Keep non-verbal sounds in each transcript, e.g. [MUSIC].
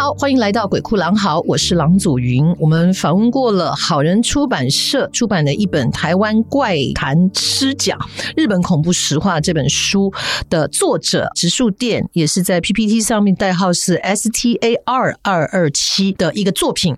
好，歡迎來到《鬼哭狼嚎》，我是郎祖筠。我們訪問過了好人出版社出版的一本《台灣怪談師講日本恐怖實話》這本書的作者直樹殿，也是在 PPT 上面代號是 STAR 二二七的一個作品。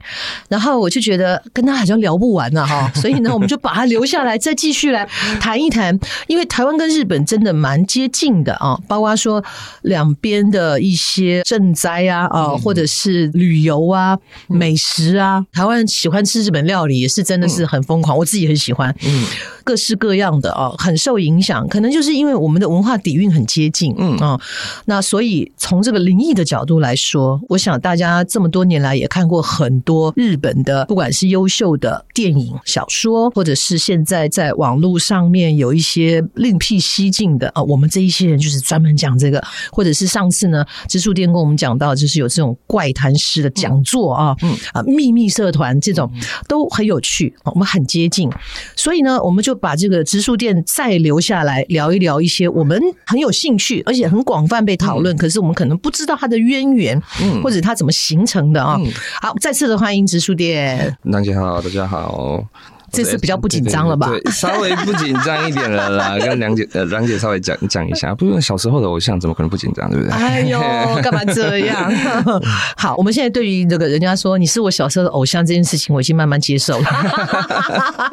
然後我就覺得跟他好像聊不完了、啊、哈，所以呢，我們就把他留下來， [LAUGHS] 再繼續來談一談。因為台灣跟日本真的蠻接近的啊，包括說兩邊的一些震災啊，啊，或者是。是旅遊啊，美食啊，嗯、台灣人喜歡吃日本料理，也是真的是很瘋狂，嗯、我自己很喜歡。嗯各式各樣的啊、哦，很受影響，可能就是因為我們的文化底蘊很接近，嗯啊、哦，那所以從這個靈異的角度來說，我想大家這麼多年來也看過很多日本的，不管是優秀的電影、小說，或者是現在在網絡上面有一些另闢蹊徑的啊、哦，我們這一些人就是專門講這個，或者是上次呢，直樹殿跟我們講到，就是有這種怪談師的講座啊，嗯啊、嗯，秘密社團這種都很有趣，嗯哦，我們很接近，所以呢，我們就。把這個直樹殿再留下來聊一聊一些我們很有興趣，而且很廣泛被討論，嗯、可是我們可能不知道它的淵源，嗯，或者它怎麼形成的啊？嗯、好，再次的歡迎直樹殿，南姐好，大家好。這次比較不緊張了吧？對，對，稍微不緊張一點了啦。 [LAUGHS] 跟郎姐呃，郎姐稍微講講一下，不用小時候的偶像，怎麼可能不緊張？對不對？哎呦，幹嘛這樣、啊？ [LAUGHS] 好，我們現在對於這個人家說你是我小時候的偶像這件事情，我已經慢慢接受了。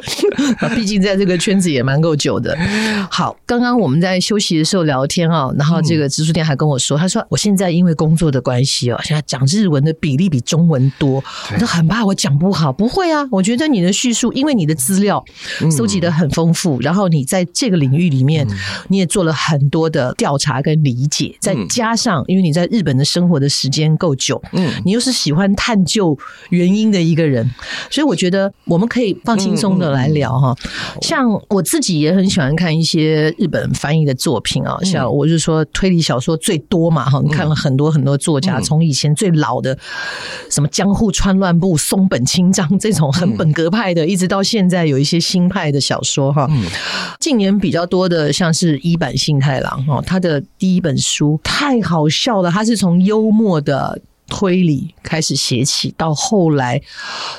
[LAUGHS] [LAUGHS] 畢竟在這個圈子也蠻夠久的。好，剛剛我們在休息的時候聊天啊、喔，然後這個直樹殿還跟我說，他說我現在因為工作的關係啊，現在講日文的比例比中文多，他很怕我講不好。不會啊，我覺得你的敘述，因為你。的資料收集的很豐富，嗯、然後你在這個領域裡面，嗯、你也做了很多的調查跟理解，嗯、再加上因為你在日本的生活的時間夠久，嗯，你又是喜歡探究原因的一個人，所以我覺得我們可以放輕鬆的來聊哈。嗯嗯嗯、像我自己也很喜歡看一些日本翻譯的作品啊，嗯、像我就說推理小說最多嘛哈，你、嗯、看了很多很多作家，嗯、從以前最老的什麼江戶川亂步、松本清張這種很本格派的，嗯、一直到現現在有一些新派的小說，哈、嗯，近年比較多的，像是伊坂幸太郎，哈，他的第一本書太好笑了，他是從幽默的。推理開始寫起，到後來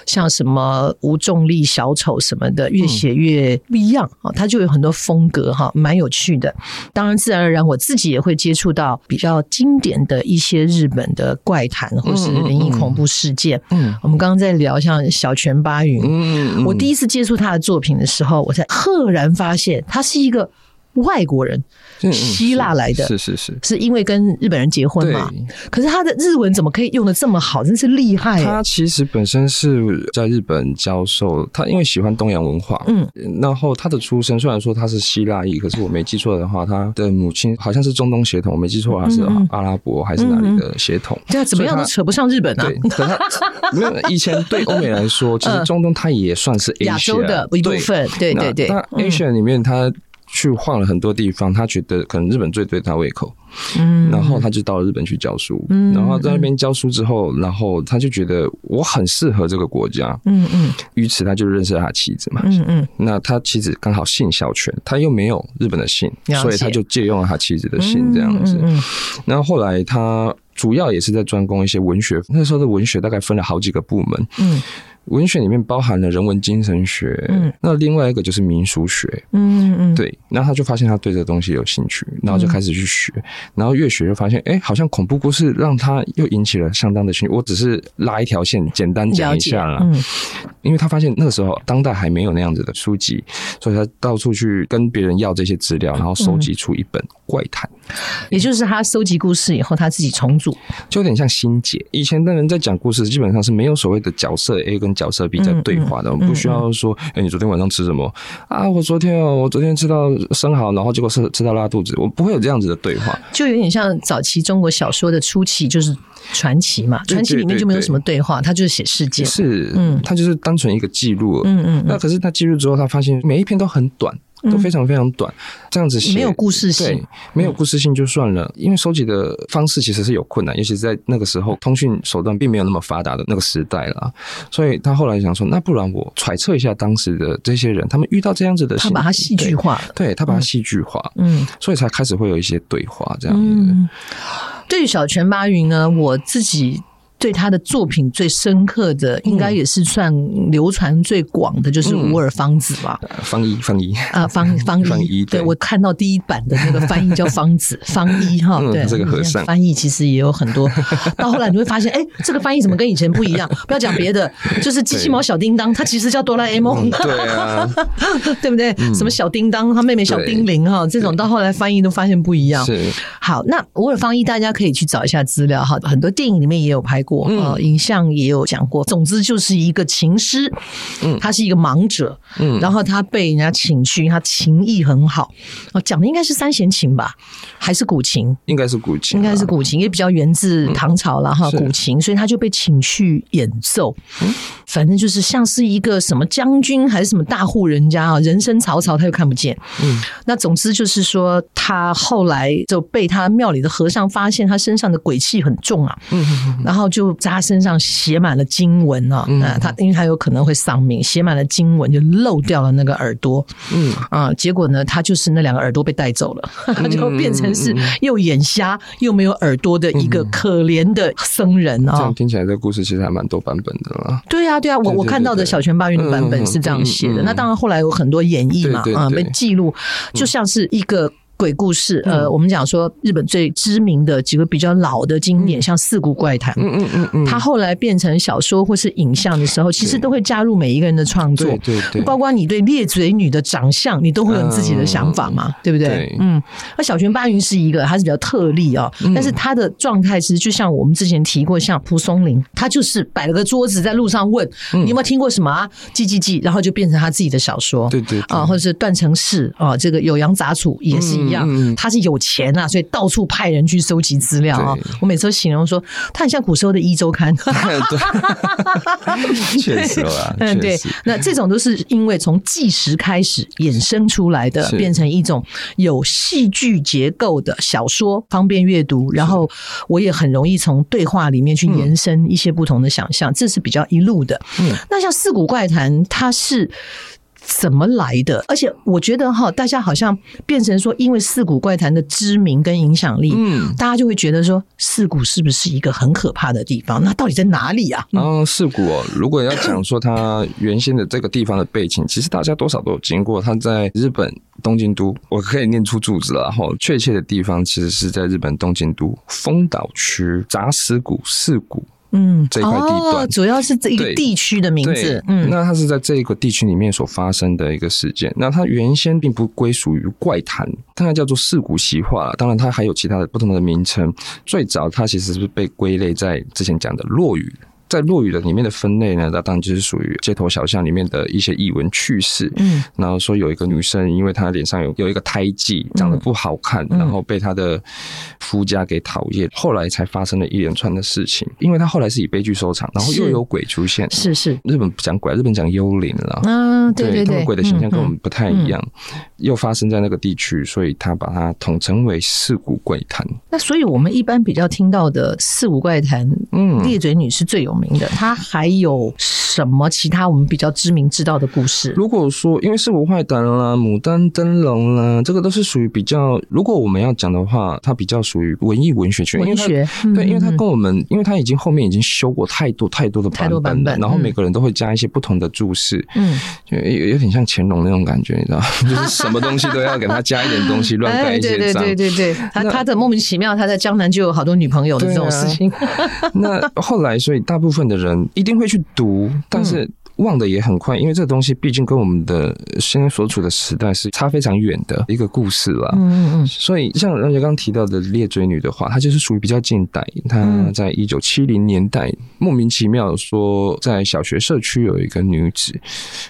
像什麼無重力小丑什麼的，越寫越不一樣啊！他就有很多風格哈，蠻有趣的。當然，自然而然，我自己也會接觸到比較經典的一些日本的怪談或是靈異恐怖事件。嗯，嗯嗯，我們剛剛在聊像小泉八雲，嗯，嗯，嗯，我第一次接觸他的作品的時候，我才赫然發現他是一個。外國人，希臘來的，是是是，是因為跟日本人結婚嘛？可是他的日文怎麼可以用得這麼好？真是厲害！他其實本身是在日本教授，他因為喜歡東洋文化，嗯，然後他的出生雖然說他是希臘裔，可是我沒記錯的話，他的母親好像是中東血統，我沒記錯啊，是阿拉伯還是哪裡的血統？對啊，怎麼樣都扯不上日本呢。對，沒有，以前對歐美來說，其實中東他也算是亞洲的一部分，對對對，那 Asian 裡面他去換了很多地方，他覺得可能日本最對他胃口，嗯、然後他就到日本去教書，嗯、然後在那邊教書之後，嗯、然後他就覺得我很適合這個國家，嗯嗯，嗯於此他就認識了他妻子嘛，嗯嗯，嗯那他妻子剛好姓小泉，他又沒有日本的姓，了解，所以他就借用了他妻子的姓這樣子，那、嗯嗯嗯、後，後來他主要也是在專攻一些文學，那時候的文學大概分了好幾個部門，嗯。文學裡面包含了人文精神學，嗯、那另外一個就是民俗學，嗯嗯，嗯對。然後他就發現他對這個東西有興趣，然後就開始去學，嗯、然後越學就發現，哎、欸，好像恐怖故事讓他又引起了相當的興趣。我只是拉一條線，簡單講一下啦。嗯、因為他發現那時候當代還沒有那樣子的書籍，所以他到處去跟別人要這些資料，然後收集出一本怪談，也就是他收集故事以後他自己重組，嗯、就有點像新解。以前的人在講故事，基本上是沒有所謂的角色 A 跟。角色比在對話的，我們不需要說，哎、嗯嗯欸，你昨天晚上吃什麼啊？我昨天哦，我昨天吃到生蠔，然後結果吃吃到拉肚子，我不會有這樣子的對話。就有點像早期中國小說的初期，就是傳奇嘛，傳就奇裡面就沒有什麼對話，他就是寫事件，是嗯，他就是單純一個記錄，嗯，嗯嗯。那可是他記錄之後，他發現每一篇都很短。都非常非常短，嗯、這樣子沒有故事性。對，沒有故事性就算了，嗯、因為收集的方式其實是有困難，尤其是在那個時候，通訊手段並沒有那麼發達的那個時代了，所以他後來想說，那不然我揣測一下當時的這些人，他們遇到這樣子的事情他。他對對，他把它戲劇化了，對，他把它戲劇化，嗯，所以才開始會有一些對話這樣子。嗯、對於小泉八雲呢，我自己。對他的作品最深刻的，應該也是算流傳最廣的，就是《無耳芳子》吧。芳一，芳一啊，方，芳一，芳一。對我看到第一版的那個翻譯叫芳子，芳一哈。這個和尚翻譯其實也有很多。到後來你會發現，哎，這個翻譯怎麼跟以前不一樣？不要講別的，就是《機器貓小叮當》，它其實叫《哆啦 A 夢》，對不對？什麼小叮當，他妹妹小叮鈴哈，這種到後來翻譯都發現不一樣。是。好，那無耳芳一，大家可以去找一下資料哈。很多電影裡面也有拍過。過啊，嗯、影像也有講過。總之就是一個琴師，嗯，他是一個盲者，嗯，然後他被人家請去，他琴藝很好。哦，講的應該是三弦琴吧，還是古琴？應該是古琴，應該是古琴，也比較源自唐朝了哈。嗯、古琴，所以他就被請去演奏。嗯是，反正就是像是一個什麼將軍還是什麼大戶人家啊，人聲嘈嘈，他又看不見。嗯，那總之就是說，他後來就被他廟裡的和尚發現，他身上的鬼氣很重啊。嗯哼哼哼，然後就。就在他身上寫滿了經文、哦嗯、啊，他因為他有可能會喪命，寫滿了經文就漏掉了那個耳朵，嗯啊，結果呢，他就是那兩個耳朵被帶走了，嗯、 [LAUGHS] 就變成是又眼瞎又沒有耳朵的一個可憐的僧人啊、哦。這樣聽起來，這個故事其實還蠻多版本的。對啊，對啊，我我看到的小泉八雲的版本是這樣寫的。嗯嗯嗯、那當然，後來有很多演繹嘛，對對對啊，被記錄，就像是一個。鬼故事，呃，我們講說日本最知名的幾個比較老的經典，像《四谷怪談》，嗯嗯嗯，它後來變成小說或是影像的時候，其實都會加入每一個人的創作，對對對，包括你對裂嘴女的長相，你都會有自己的想法嘛，對不對？嗯，那小泉八雲是一個，還是比較特例啊，但是他的狀態其實就像我們之前提過，像蒲松齡，他就是擺了個桌子在路上問，你有沒有聽過什麼啊？嘰嘰嘰，然後就變成他自己的小說，對對啊，或者是段成式啊，這個《酉陽雜俎》也是一樣。嗯，他是有錢啊，所以到處派人去收集資料啊、喔對。我每次都形容說，他很像古時候的一周刊。確實嗯，對。那這種都是因為從紀實開始衍生出來的，變成一種有戲劇結構的小說，是方便閱讀。然後我也很容易從對話裡面去延伸一些不同的想象，嗯、這是比較一路的。嗯，那像《四谷怪談》，它是。怎麼來的？而且我覺得哈，大家好像變成說，因為《四谷怪談》的知名跟影響力，嗯，大家就會覺得說，四谷是不是一個很可怕的地方？那到底在哪裡啊？然後、嗯啊、四谷、哦，如果要講說它原先的這個地方的背景， [COUGHS] 其實大家多少都有經過。它在日本東京都，我可以念出住址了，然後，哦，確切的地方其實是在日本東京都豐島區雜石谷四谷。嗯，這一塊地段、哦、主要是這一個地區的名字。嗯，那它是在這一個地區裡面所發生的一個事件。那它原先並不歸屬於怪談，它那叫做四股習話。當然，當然它還有其他的不同的名稱。最早，它其實是被歸類在之前講的落語。在落語的裡面的分類呢，那當然就是屬於街頭小巷裡面的一些異聞趣事。嗯，然後說有一個女生，因為她臉上有有一個胎記，長得不好看，嗯、然後被她的夫家給討厭。嗯、後來才發生了一連串的事情，因為她後來是以悲劇收場，然後又有鬼出現。是，是是，日本不講鬼，日本講幽靈了。嗯、啊，對對對，對他們鬼的形象跟我們不太一樣，嗯嗯、又發生在那個地區，所以她把它統稱為四谷怪談。那所以我們一般比較聽到的四谷怪談，嗯，裂嘴女是最有他還有什麼其他我們比較知名知道的故事？如果說因為《四谷怪談》啦、《牡丹燈籠》啦，這個都是屬於比較。如果我們要講的話，他比較屬於文藝文學圈。文學對，因為他跟我們，因為他已經後面已經修過太多太多的版本，然後每個人都會加一些不同的注釋，嗯，就有點像乾隆那種感覺，你知道，就是什麼東西都要給他加一點東西，亂蓋一些章。對對對，他他的莫名其妙，他在江南就有好多女朋友的這種事情。那後來，所以大部分。部分的人一定會去讀，但是，嗯忘得也很快，因為這個東西畢竟跟我們的現在所處的時代是差非常遠的一個故事了。嗯嗯所以像人家剛剛提到的裂嘴女的話，她就是屬於比較近代。她在一九七零年代莫名其妙說，在小學社區有一個女子，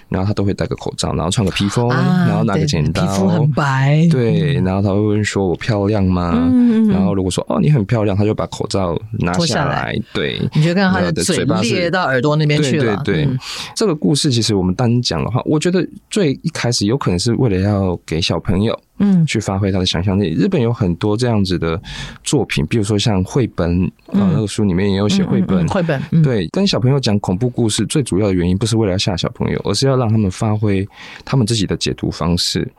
然後她都會戴個口罩，然後穿個披風，啊、然後拿個剪刀。對皮膚很白對，然後她會問說：“我漂亮嗎？”嗯嗯嗯然後如果說：“哦，你很漂亮。”，她就把口罩拿下來。脫下來對你就看她的嘴巴裂到耳朵那邊去了。對,對對。嗯這個故事其實我們單講的話，我覺得最一開始有可能是為了要給小朋友，嗯，去發揮他的想象力。嗯、日本有很多這樣子的作品，比如說像繪本、嗯、啊，那個書裡面也有寫繪本。嗯嗯嗯、繪本、嗯、對，跟小朋友講恐怖故事，最主要的原因不是為了嚇小朋友，而是要讓他們發揮他們自己的解讀方式。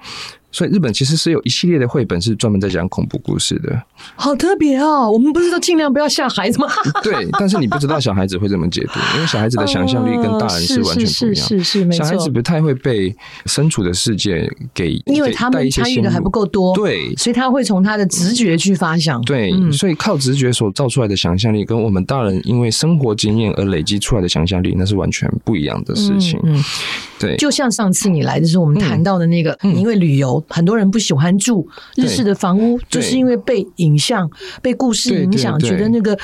所以日本其實是有一系列的繪本是專門在講恐怖故事的，好特別哦！我們不是都盡量不要嚇孩子嗎？ [LAUGHS] 對，但是你不知道小孩子會怎麼解讀，因為小孩子的想象力跟大人是完全不一樣。是是是，沒錯，小孩子不太會被身處的世界給，因為他們參與的還不夠多，對，所以他會從他的直覺去發想。對，嗯、所以靠直覺所造出來的想象力，跟我們大人因為生活經驗而累積出來的想象力，那是完全不一樣的事情。嗯嗯、對，就像上次你來的時候，就是、我們談到的那個，嗯、因為旅遊。很多人不喜歡住日式的房屋，就是因為被影像、對被故事影響，對對對，覺得那個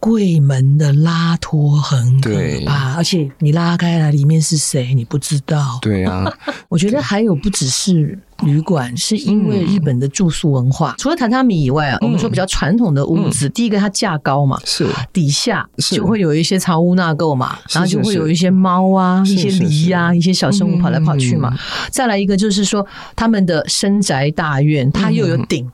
櫃門的拉脫很可怕，對而且你拉開了，裡面是誰你不知道。對呀、啊， [LAUGHS] 我覺得還有不只是。旅館是因為日本的住宿文化，除了榻榻米以外啊，我們說比較傳統的屋子，第一個它架高嘛，是底下就會有一些藏污納垢嘛，然後就會有一些貓啊、一些狸啊、一些小生物跑來跑去嘛。再來一個就是說，他們的深宅大院，它又有頂，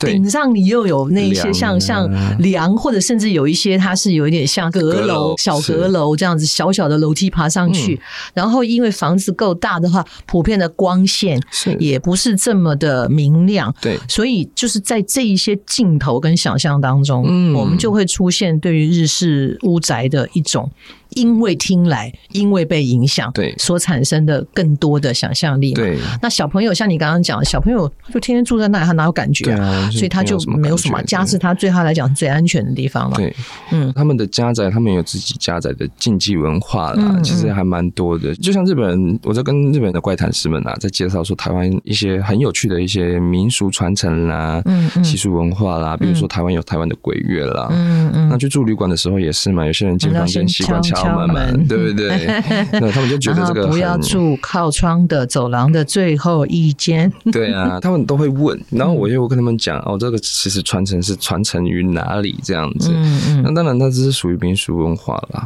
頂上你又有那一些像像梁，或者甚至有一些它是有一點像閣樓、小閣樓這樣子，小小的樓梯爬上去，然後因為房子夠大的話，普遍的光線也不。不是這麼的明亮，對，所以就是在這一些鏡頭跟想象當中，嗯，我們就會出現對於日式屋宅的一種。因為聽來，因為被影響，對，所產生的更多的想象力。對，那小朋友像你剛剛講，小朋友就天天住在那裡，他哪有感覺啊？所以他就沒有什麼家，是他對他來講最安全的地方了。對，嗯，他們的家宅，他們有自己家宅的禁忌文化啦，其實還蠻多的。就像日本，我在跟日本的怪談師們啊，在介紹說台灣一些很有趣的一些民俗傳承啦，嗯，習俗文化啦，比如說台灣有台灣的鬼月啦，嗯嗯，那去住旅館的時候也是嘛，有些人進房間習慣敲敲門，對不對，對？ [LAUGHS] 那他們就覺得這個很不要住靠窗的走廊的最後一間。對啊，他們都會問。然後，我就跟他們講，嗯、哦，這個其實傳承是傳承於哪裡這樣子。嗯嗯。那當然，它這是屬於民俗文化了。嗯、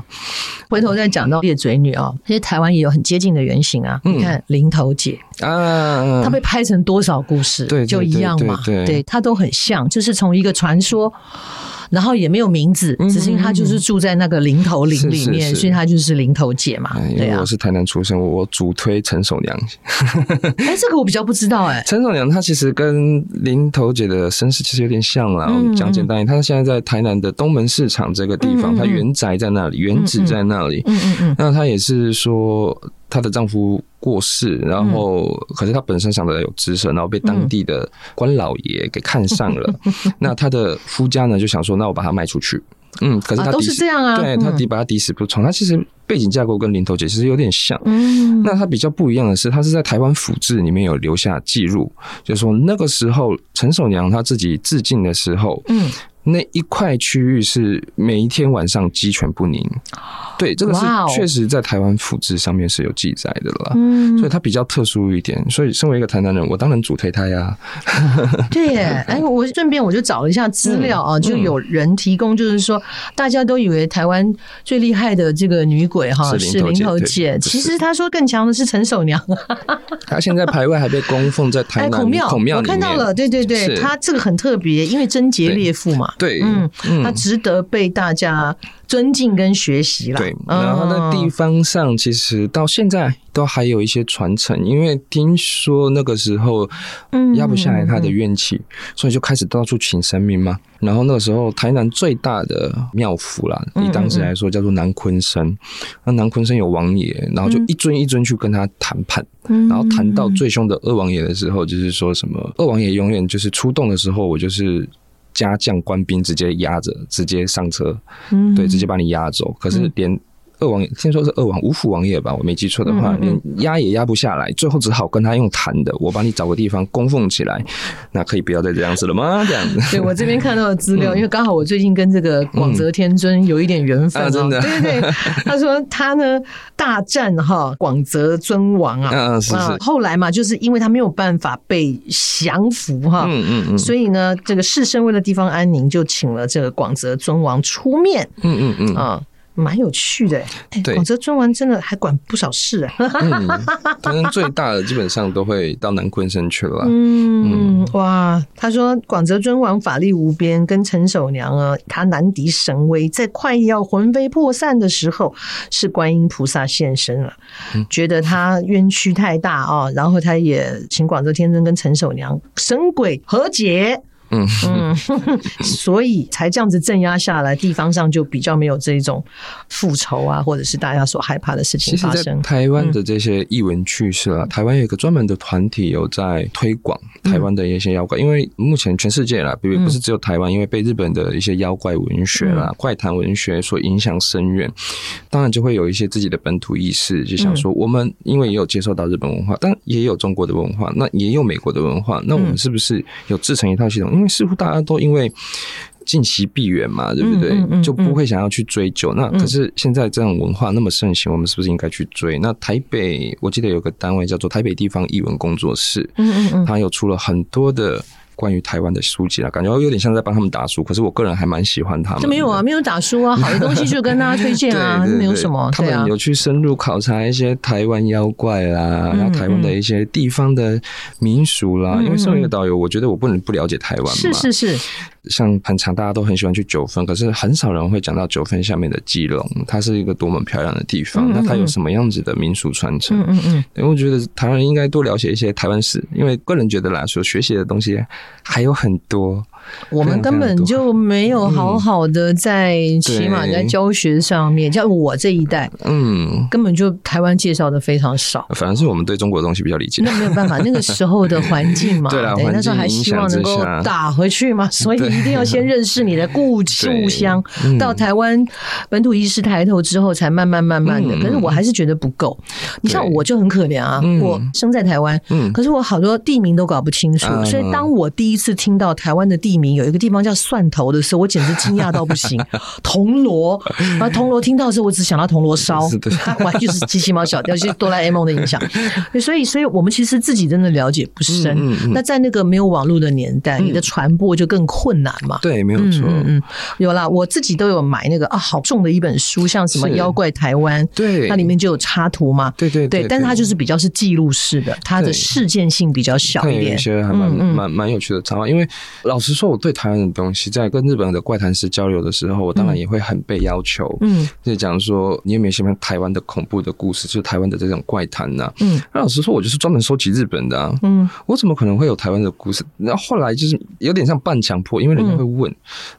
回頭再講到裂嘴女啊、喔，其實臺灣也有很接近的原型啊。你看林投姐、嗯、啊，她被拍成多少故事，就一樣嘛。對，對，對對對對，她都很像，就是從一個傳說。然後也沒有名字，只是因為他就是住在那個林頭林裡面，是是是，所以他就是林頭姐嘛。哎啊、因為我是台南出生，我主推陳守娘。哎、 [LAUGHS] 欸，這個我比較不知道哎、欸。陳守娘她其實跟林頭姐的身世其實有點像啦。嗯嗯，我們講簡單一點，她現在在台南的東門市場這個地方，她、嗯嗯、原宅在那裡，原址在那裡。嗯嗯。嗯嗯嗯，那她也是說。她的丈夫過世，然後可是她本身長得有姿色，嗯、然後被當地的官老爺給看上了。嗯、 [LAUGHS] 那她的夫家呢就想說：“那我把她賣出去。”嗯，可是她、啊、都是這樣啊，對，她抵、嗯、把她抵死不從。她其實背景架構跟林投姐其實有點像。嗯，那她比較不一樣的是，她是在台灣府志裡面有留下記錄，就是說那個時候陳守娘她自己自盡的時候，嗯，那一塊區域是每一天晚上雞犬不寧。對，這個是確實在台灣府志上面是有記載的啦，所以它比較特殊一點。所以身為一個台南人，我當然主推它呀。對，哎，我順便我就找了一下資料啊，就有人提供，就是說大家都以為台灣最厲害的這個女鬼哈是林投姐，其實她說更強的是陳守娘。她現在排位還被供奉在台南孔廟，孔廟我看到了，對對對，她這個很特別，因為貞節烈婦嘛，對，嗯嗯，她值得被大家，尊敬跟學習了。對，然後那地方上，其實到現在都還有一些傳承，因為聽說那個時候，嗯，壓不下來他的怨氣，嗯嗯嗯，所以就開始到處請神明嘛。然後那個時候，台南最大的廟府啦，嗯嗯，以當時來說叫做南鯤鯓。那、嗯嗯、南鯤鯓有王爺，然後就一尊一尊去跟他談判，嗯嗯，然後談到最兇的二王爺的時候，就是說什麼二王爺永遠就是出動的時候，我就是。家將官兵直接押着，直接上車，嗯、哼對，直接把你押走。可是連，嗯二王，先說是二王五府王爺吧，我沒記錯的話，你壓也壓不下來，最後只好跟他用談的，我幫你找個地方供奉起來，那可以不要再這樣子了嗎？這樣子， [LAUGHS] 對，我這邊看到的資料，嗯、因為剛好我最近跟這個廣澤天尊有一點緣分、嗯啊、真的、對對對，他說他呢大戰哈廣澤尊王啊，啊，是是後，後來嘛，就是因為他沒有辦法被降服哈、嗯，嗯嗯嗯，所以呢，這個士紳為了地方安寧，就請了這個廣澤尊王出面，嗯嗯嗯，嗯嗯蠻有趣的、欸，哎、欸，廣對澤尊王真的還管不少事哎、欸，反正、嗯、 [LAUGHS] 最大的基本上都會到南昆山去了。嗯，嗯哇，他說廣澤尊王法力無邊，跟陳守娘啊，他難敵神威，在快要魂飛魄散的時候，是觀音菩薩現身了，嗯、覺得他冤屈太大啊、哦，然後他也請廣澤天尊跟陳守娘神鬼和解。嗯， [LAUGHS] 所以才這樣子鎮壓下來，地方上就比較沒有這一種復仇啊，或者是大家所害怕的事情發生。其實台灣的這些異聞趣事啊，嗯、台灣有一個專門的團體有在推廣台灣的一些妖怪，嗯、因為目前全世界啦，嗯、比如不是只有台灣，因為被日本的一些妖怪文學啦、嗯、怪談文學所影響深遠，嗯、當然就會有一些自己的本土意識，就想說我們因為也有接受到日本文化，但也有中國的文化，那也有美國的文化，那我們是不是有自成一套系統？嗯似乎大家都因為近習避遠嘛，對不對？嗯嗯嗯、就不會想要去追究。嗯、那可是現在這種文化那麼盛行，嗯、我們是不是應該去追？那台北，我記得有個單位叫做台北地方異聞工作室，嗯，嗯，嗯它有出了很多的。關於台灣的書籍啊，感覺我有點像在幫他們打書，可是我個人還蠻喜歡他們。這沒有啊，沒有打書啊，好的東西就跟大家推薦啊， [LAUGHS] 對對對，沒有什麼。他們有去深入考察一些台灣妖怪啦，嗯嗯，然後台灣的一些地方的民俗啦，嗯嗯，因為身為個導遊，我覺得我不能不了解台灣嘛，是是是。像很長，大家都很喜歡去九份，可是很少人會講到九份下面的基隆，它是一個多麼漂亮的地方。那它有什麼樣子的民俗傳承？嗯，嗯嗯，因為我覺得台灣人應該多了解一些台灣史，因為個人覺得來說，學習的東西還有很多。我們根本就沒有好好的在，起碼在教學上面，像我這一代，嗯，根本就台灣介紹的非常少。反正是我們對中國的東西比較理解。那沒有辦法，那個時候的環境嘛，對啊，那時候還希望能夠打回去嘛，所以一定要先認識你的故故鄉。到台灣本土意識抬頭之後，才慢慢慢慢的。可是我還是覺得不夠。你像我就很可憐啊，我生在台灣，嗯，可是我好多地名都搞不清楚。所以當我第一次聽到台灣的地，地名有一個地方叫蒜頭的時候，我簡直驚訝到不行。銅鑼，啊，銅鑼聽到的時候，我只想到銅鑼燒，完全就是機器貓小叮噹，是哆啦 A 夢的影響。所以，所以我們其實自己真的了解不深。那在那個沒有網絡的年代，你的傳播就更困難嘛？對，沒有錯。嗯，有啦，我自己都有買那個啊，好重的一本書，像什麼《妖怪台灣》，對，它裡面就有插圖嘛。對對對，但是它就是比較是記錄式的，它的事件性比較小一點。一些還蠻蠻蠻有趣的插畫，因為老實說。我對台灣的東西，在跟日本的怪談師交流的時候，我當然也會很被要求，嗯，就講說你有沒有什麼台灣的恐怖的故事，就是台灣的這種怪談吶。嗯，那老實說，我就是專門蒐集日本的啊，嗯，我怎麼可能會有台灣的故事？然後後來就是有點像半強迫，因為人家會問，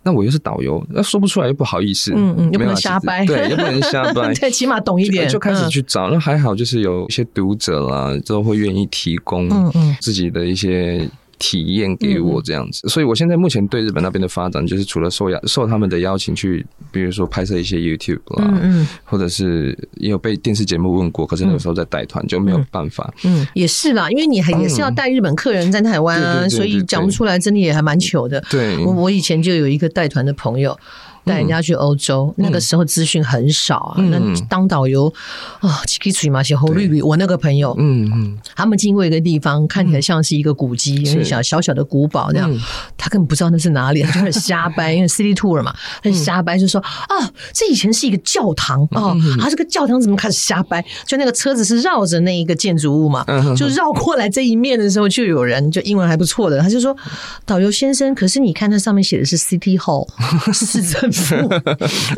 那我又是導遊，那說不出來又不好意思，嗯嗯，又不能瞎掰，對，又不能瞎掰。對，起碼懂一點，就開始去找。那還好，就是有一些讀者啦，都會願意提供，嗯嗯，自己的一些。體驗給我這樣子，所以我現在目前對日本那邊的發展，就是除了受邀受他們的邀請去，比如說拍攝一些 YouTube 啦，嗯嗯，或者是也有被電視節目問過，可是那個時候在帶團就沒有辦法。嗯，嗯，嗯、也是啦，因為你還也是要帶日本客人在台灣，啊，嗯、所以講不出來，真的也還蠻糗的。對，我我以前就有一個帶團的朋友。帶人家去歐洲，嗯、那個時候資訊很少啊。嗯、那當導遊啊，嘰嘰嘛，寫後綠綠。我那個朋友，嗯嗯，嗯他們經過一個地方，看起來像是一個古蹟，小是小小的古堡那樣，嗯、他根本不知道那是哪裡，他就開始瞎掰， [LAUGHS] 因為 city tour 嘛，他就瞎掰，就說啊，這以前是一個教堂啊，嗯、啊，這個教堂怎麼開始瞎掰，就那個車子是繞着那一個建築物嘛，就繞過來這一面的時候，就有人就英文還不錯的，他就說，導遊先生，可是你看那上面寫的是 city hall，是這邊。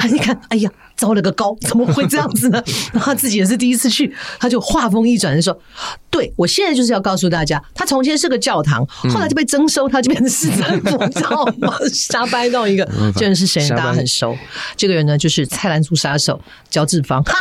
[LAUGHS] 一、 [LAUGHS] 啊、看，哎呀，糟了個糕，怎麼會這樣子呢？然後他自己也是第一次去，他就話鋒一轉，就說：“對，我現在就是要告訴大家，他從前是個教堂，後來就被徵收，他就變成是神佛廟嘛。瞎掰到一個，這人是誰？班大家很熟。這個人呢，就是蔡瀾豬殺手焦志芳， [LAUGHS]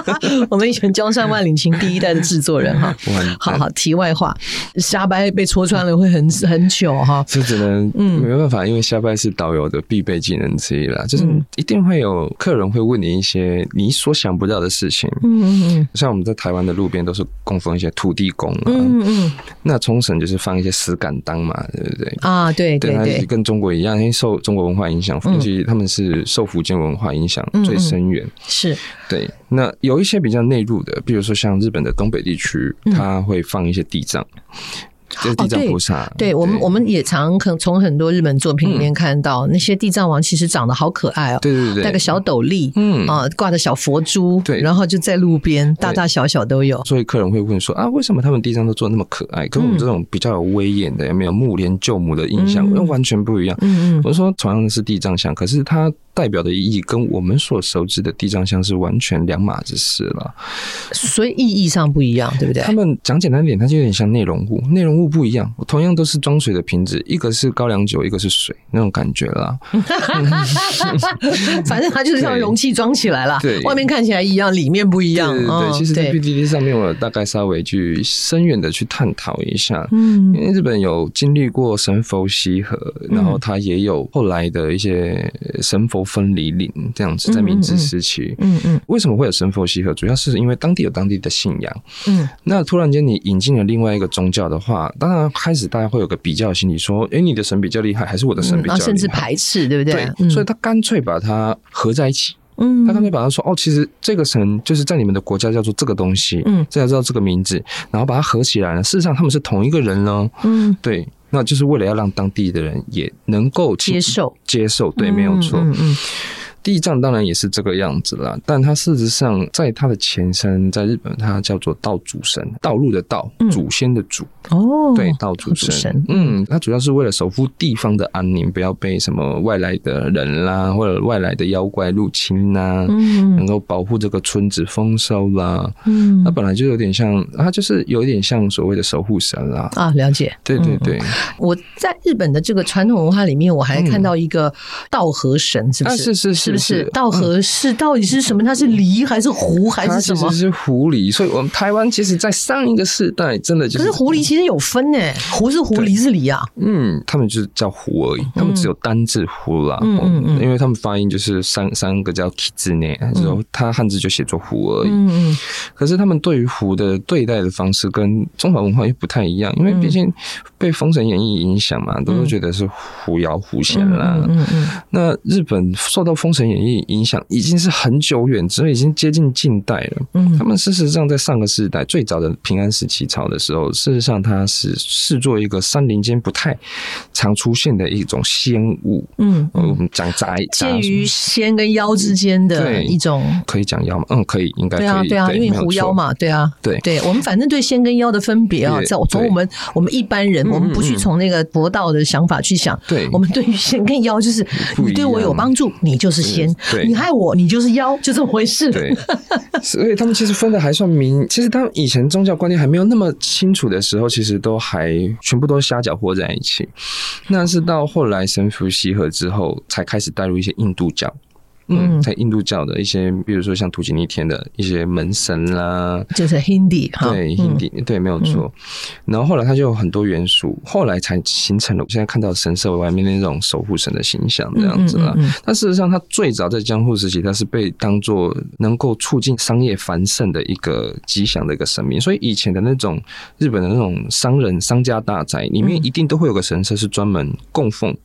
[LAUGHS] 我們以前《江山萬里情》第一代的製作人哈。我很好好，題外話，瞎掰被戳穿了會很很糗哈，就只能嗯，沒辦法，嗯、因為瞎掰是導遊的必備技能。”以啦，就是一定會有客人會問你一些你所想不到的事情。嗯，嗯嗯，像我們在台灣的路邊都是供奉一些土地公、啊嗯，嗯嗯，那沖繩就是放一些石敢當嘛，對不對？啊，對對、對跟中國一樣，因為受中國文化影響，尤其、嗯、他們是受福建文化影響最深遠、嗯嗯。是，對。那有一些比較內陸的，比如說像日本的東北地區，他會放一些地藏。嗯嗯就是地藏菩薩。對我們我們也常可能從很多日本作品裡面看到那些地藏王其實長得好可愛哦，對對對，戴個小斗笠，嗯啊，掛個小佛珠，對，然後就在路邊，大大小小都有。所以客人會問說啊，為什麼他們地藏都做那麼可愛，跟我們這種比較有威嚴的，沒有木蓮救母的印象，那完全不一樣。嗯嗯，我說同樣的是地藏像，可是它代表的意義跟我們所熟知的地藏像是完全兩碼子事了。所以意義上不一樣，對不對？他們講簡單點，它就有點像內容物，內容物。不一樣，我同樣都是裝水的瓶子，一個是高粱酒，一個是水，那種感覺啦。 [LAUGHS] [LAUGHS] 反正它就是像容器裝起來了，對，外面看起來一樣，裡面不一樣。對,對對，哦、對其實 p d d 上面我大概稍微去深遠的去探討一下，嗯，因為日本有經歷過神佛習合、嗯、然後它也有後來的一些神佛分離令這樣子，在明治時期，嗯,嗯嗯，嗯嗯為什麼會有神佛習合？主要是因為當地有當地的信仰，嗯，那突然間你引進了另外一個宗教的話。當然，開始大家會有個比較心理，說：“哎、欸，你的神比較厲害，還是我的神比較厲害、嗯啊？”甚至排斥，對不對？對嗯，所以他乾脆把它合在一起。嗯，他乾脆把它說：“哦，其實這個神就是在你們的國家叫做這個東西，嗯，這才知道這個名字，然後把它合起來，事實上，他們是同一個人呢。嗯，對，那就是為了要讓當地的人也能夠接受，接受，對，嗯，沒有錯。嗯”嗯。嗯地藏當然也是這個樣子啦，但它事實上在它的前身，在日本它叫做道祖神，道路的道，嗯、祖先的祖，哦，對，道祖神，祖神嗯，它主要是為了守護地方的安寧，不要被什麼外來的人啦，或者外來的妖怪入侵啦、啊。嗯,嗯，能夠保護這個村子豐收啦，嗯，它本來就有點像，它就是有點像所謂的守護神啦，啊，了解，對對對、嗯，我在日本的這個傳統文化裡面，我還看到一個、嗯、道和神，是不是、啊？是是是。是不是？稻荷是到底是什麼？它是狸還是狐還是什麼？其實是狐狸，所以我們台灣其實，在上一個世代，真的就是、可是狐狸其實有分誒，狐是狐、啊，狸是狸啊。嗯，他們就叫狐而已，他們只有單字狐啦。嗯，因為他們發音就是三、嗯、三個叫 Kitsune、嗯，然後他漢字就寫作“狐而已。嗯嗯，嗯，可是他們對於狐的對待的方式跟中華文化又不太一樣，因為畢竟被《封神演義》影響嘛，都是覺得是狐妖狐仙啦嗯。嗯，嗯那日本受到封神，演繹影響已經是很久遠，所以已經接近近代了。嗯，他們事實上在上個世代，最早的平安時期朝的時候，事實上它是視作一個山林間不太常出現的一種仙物。嗯，我們講宅，介於仙跟妖之間的，一種可以講妖嗎？嗯，可以，應該可以，對啊，對啊，因為狐妖嘛，對啊，對對，我們反正對仙跟妖的分別啊，在從我們我們一般人，我們不去從那個佛道的想法去想，對，我們對於仙跟妖，就是你對我有幫助，你就是仙。天，對你害我，你就是妖，就這麼回事。對 [LAUGHS] 所以他們其實分的還算明，其實他們以前宗教觀念還沒有那麼清楚的時候，其實都還全部都瞎攪和在一起。那是到後來神佛習合之後，才開始帶入一些印度教。嗯，在印度教的一些，比如說像荼枳尼天的一些門神啦，就是 Hindi 對哈，對 Hindi，對，嗯、沒有錯。然後後來他就有很多元素，後來才形成了我現在看到神社外面的那種守護神的形象這樣子了。嗯嗯嗯、但事實上，他最早在江戶時期，他是被當做能夠促進商業繁盛的一個吉祥的一個神明。所以以前的那種日本的那種商人、商家大宅裡面，一定都會有個神社是專門供奉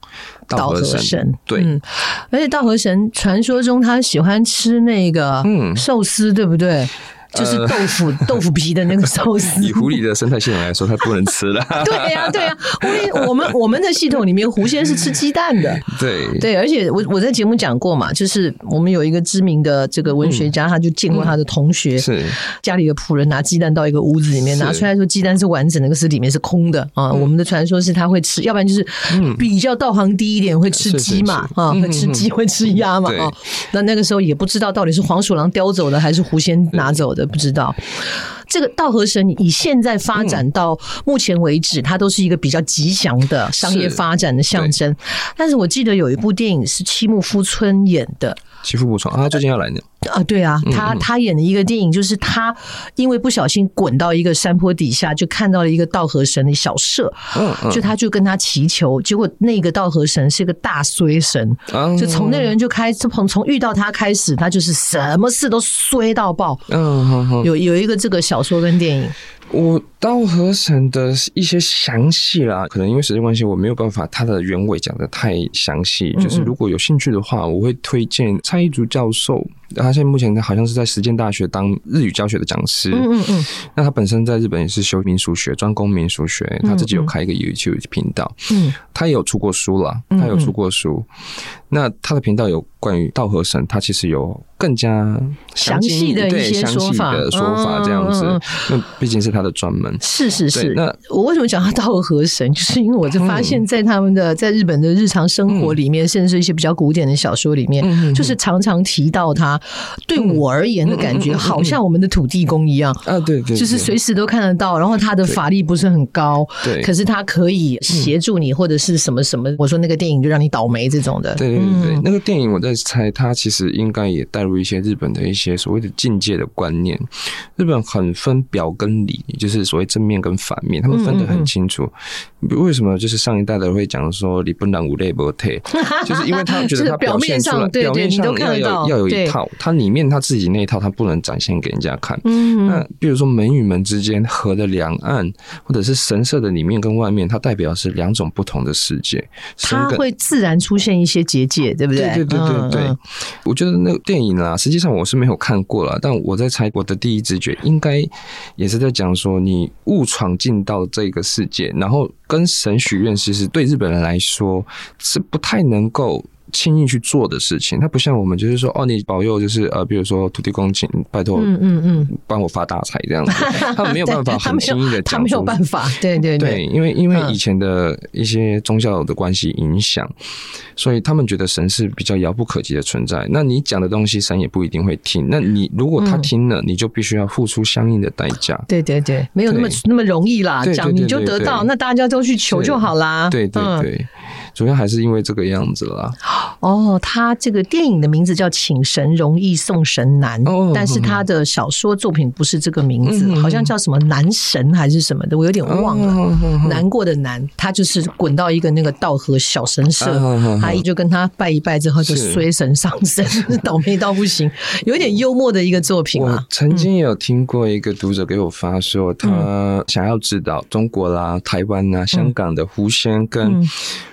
稻荷神。嗯、稻荷神對、嗯，而且稻荷神傳說。說中他喜歡吃那個壽司，嗯、對不對？就是豆腐、呃、豆腐皮的那個壽司。以狐狸的生態系統來說，它不能吃的。 [LAUGHS] 對呀、啊，對呀，狐狸，我們我們的系統裡面，狐仙是吃雞蛋的。 [LAUGHS] 對對，而且我我在節目講過嘛，就是我們有一個知名的這個文學家，他就見過他的同學。是。家裡的僕人拿雞蛋到一個屋子裡面拿出來說，雞蛋是完整的，可是裡面是空的啊。我們的傳說是他會吃，要不然就是比較道行低一點會吃雞嘛啊，會吃雞會吃鴨嘛啊。那那個時候也不知道到底是黃鼠狼叼走的還是狐仙拿走的。不知道，這個稻荷神以現在發展到目前為止，嗯、它都是一個比較吉祥的商業發展的象徵。是，但是我記得有一部電影是妻夫木聰演的。其實不錯啊，最近要來呢啊。啊，對啊，他他演的一個電影，就是他因為不小心滾到一個山坡底下，就看到了一個稻荷神的小社，嗯嗯、就他就跟他祈求，結果那個稻荷神是個大衰神，嗯、就從那人就開始從從遇到他開始，他就是什麼事都衰到爆。嗯，好、嗯，好、嗯，有有一個這個小說跟電影。我到和成的一些詳細啦，可能因為時間關係，我沒有辦法他的原委講得太詳細。嗯嗯，就是如果有興趣的話，我會推薦蔡一竹教授，他現在目前好像是在實踐大學當日語教學的講師。嗯嗯，那他本身在日本也是修民俗學，專攻民俗學。他自己有開一個 YouTube 頻道。嗯。他也有出過書了，他有出過書。那他的頻道有關於稻荷神，他其實有更加詳細的一些說法說法這樣子。那畢竟是他的專門。是是是。那我為什麼講他稻荷神，就是因為我就發現在他們的在日本的日常生活裡面，甚至是一些比較古典的小說裡面，就是常常提到他。對我而言的感覺，好像我們的土地公一樣啊，對對、嗯，嗯嗯嗯、就是隨時都看得到。然後他的法力不是很高，對，對可是他可以協助你，嗯、或者是什麼什麼。我說那個電影就讓你倒霉這種的，對對對，對、嗯、那個電影我在猜，他其實應該也帶入一些日本的一些所謂的境界的觀念。日本很分表跟裡，就是所謂正面跟反面，他們分得很清楚。嗯、為什麼就是上一代的會講人會講說“你不能無”，“雷伯特”就是因為他覺得他表，表面上表面上要有要，要有一套。它裡面它自己那一套，它不能展現給人家看。嗯、哼那比如說門與門之間，河的兩岸，或者是神社的裡面跟外面，它代表是兩種不同的世界。它會自然出現一些結界，對不對？對對對對。嗯嗯我覺得那個電影啦，實際上我是沒有看過了，但我在猜，我的第一直覺應該也是在講說，你誤闖進到這個世界，然後跟神許願，其實對日本人來說是不太能夠。輕易去做的事情，他不像我們，就是說，哦，你保佑，就是呃，比如說土地公，請拜托，嗯嗯嗯，幫我發大財這樣子，他沒有辦法很輕易的講，他沒有辦法，對對對，因為因為以前的一些宗教的關係影響，所以他們覺得神是比較遙不可及的存在。那你講的東西，神也不一定會聽。那你如果他聽了，你就必須要付出相應的代價。對對對，沒有那麼那麼容易啦，講你就得到，那大家都去求就好啦。對對對。主要還是因為這個樣子啦。哦，他這個電影的名字叫《請神容易送神難》，哦、呵呵，但是他的小說作品不是這個名字，嗯、哼好像叫什麼“男神”還是什麼的，我有點忘了。哦、呵呵，難過的難，他就是滾到一個那個稻荷小神社，阿姨、啊、就跟他拜一拜之後就衰神上身，是 [LAUGHS] 倒霉到不行，有一點幽默的一個作品啊。曾經有聽過一個讀者給我發說，嗯、他想要知道中國啦、啊、台灣啦、啊、嗯、香港的狐仙跟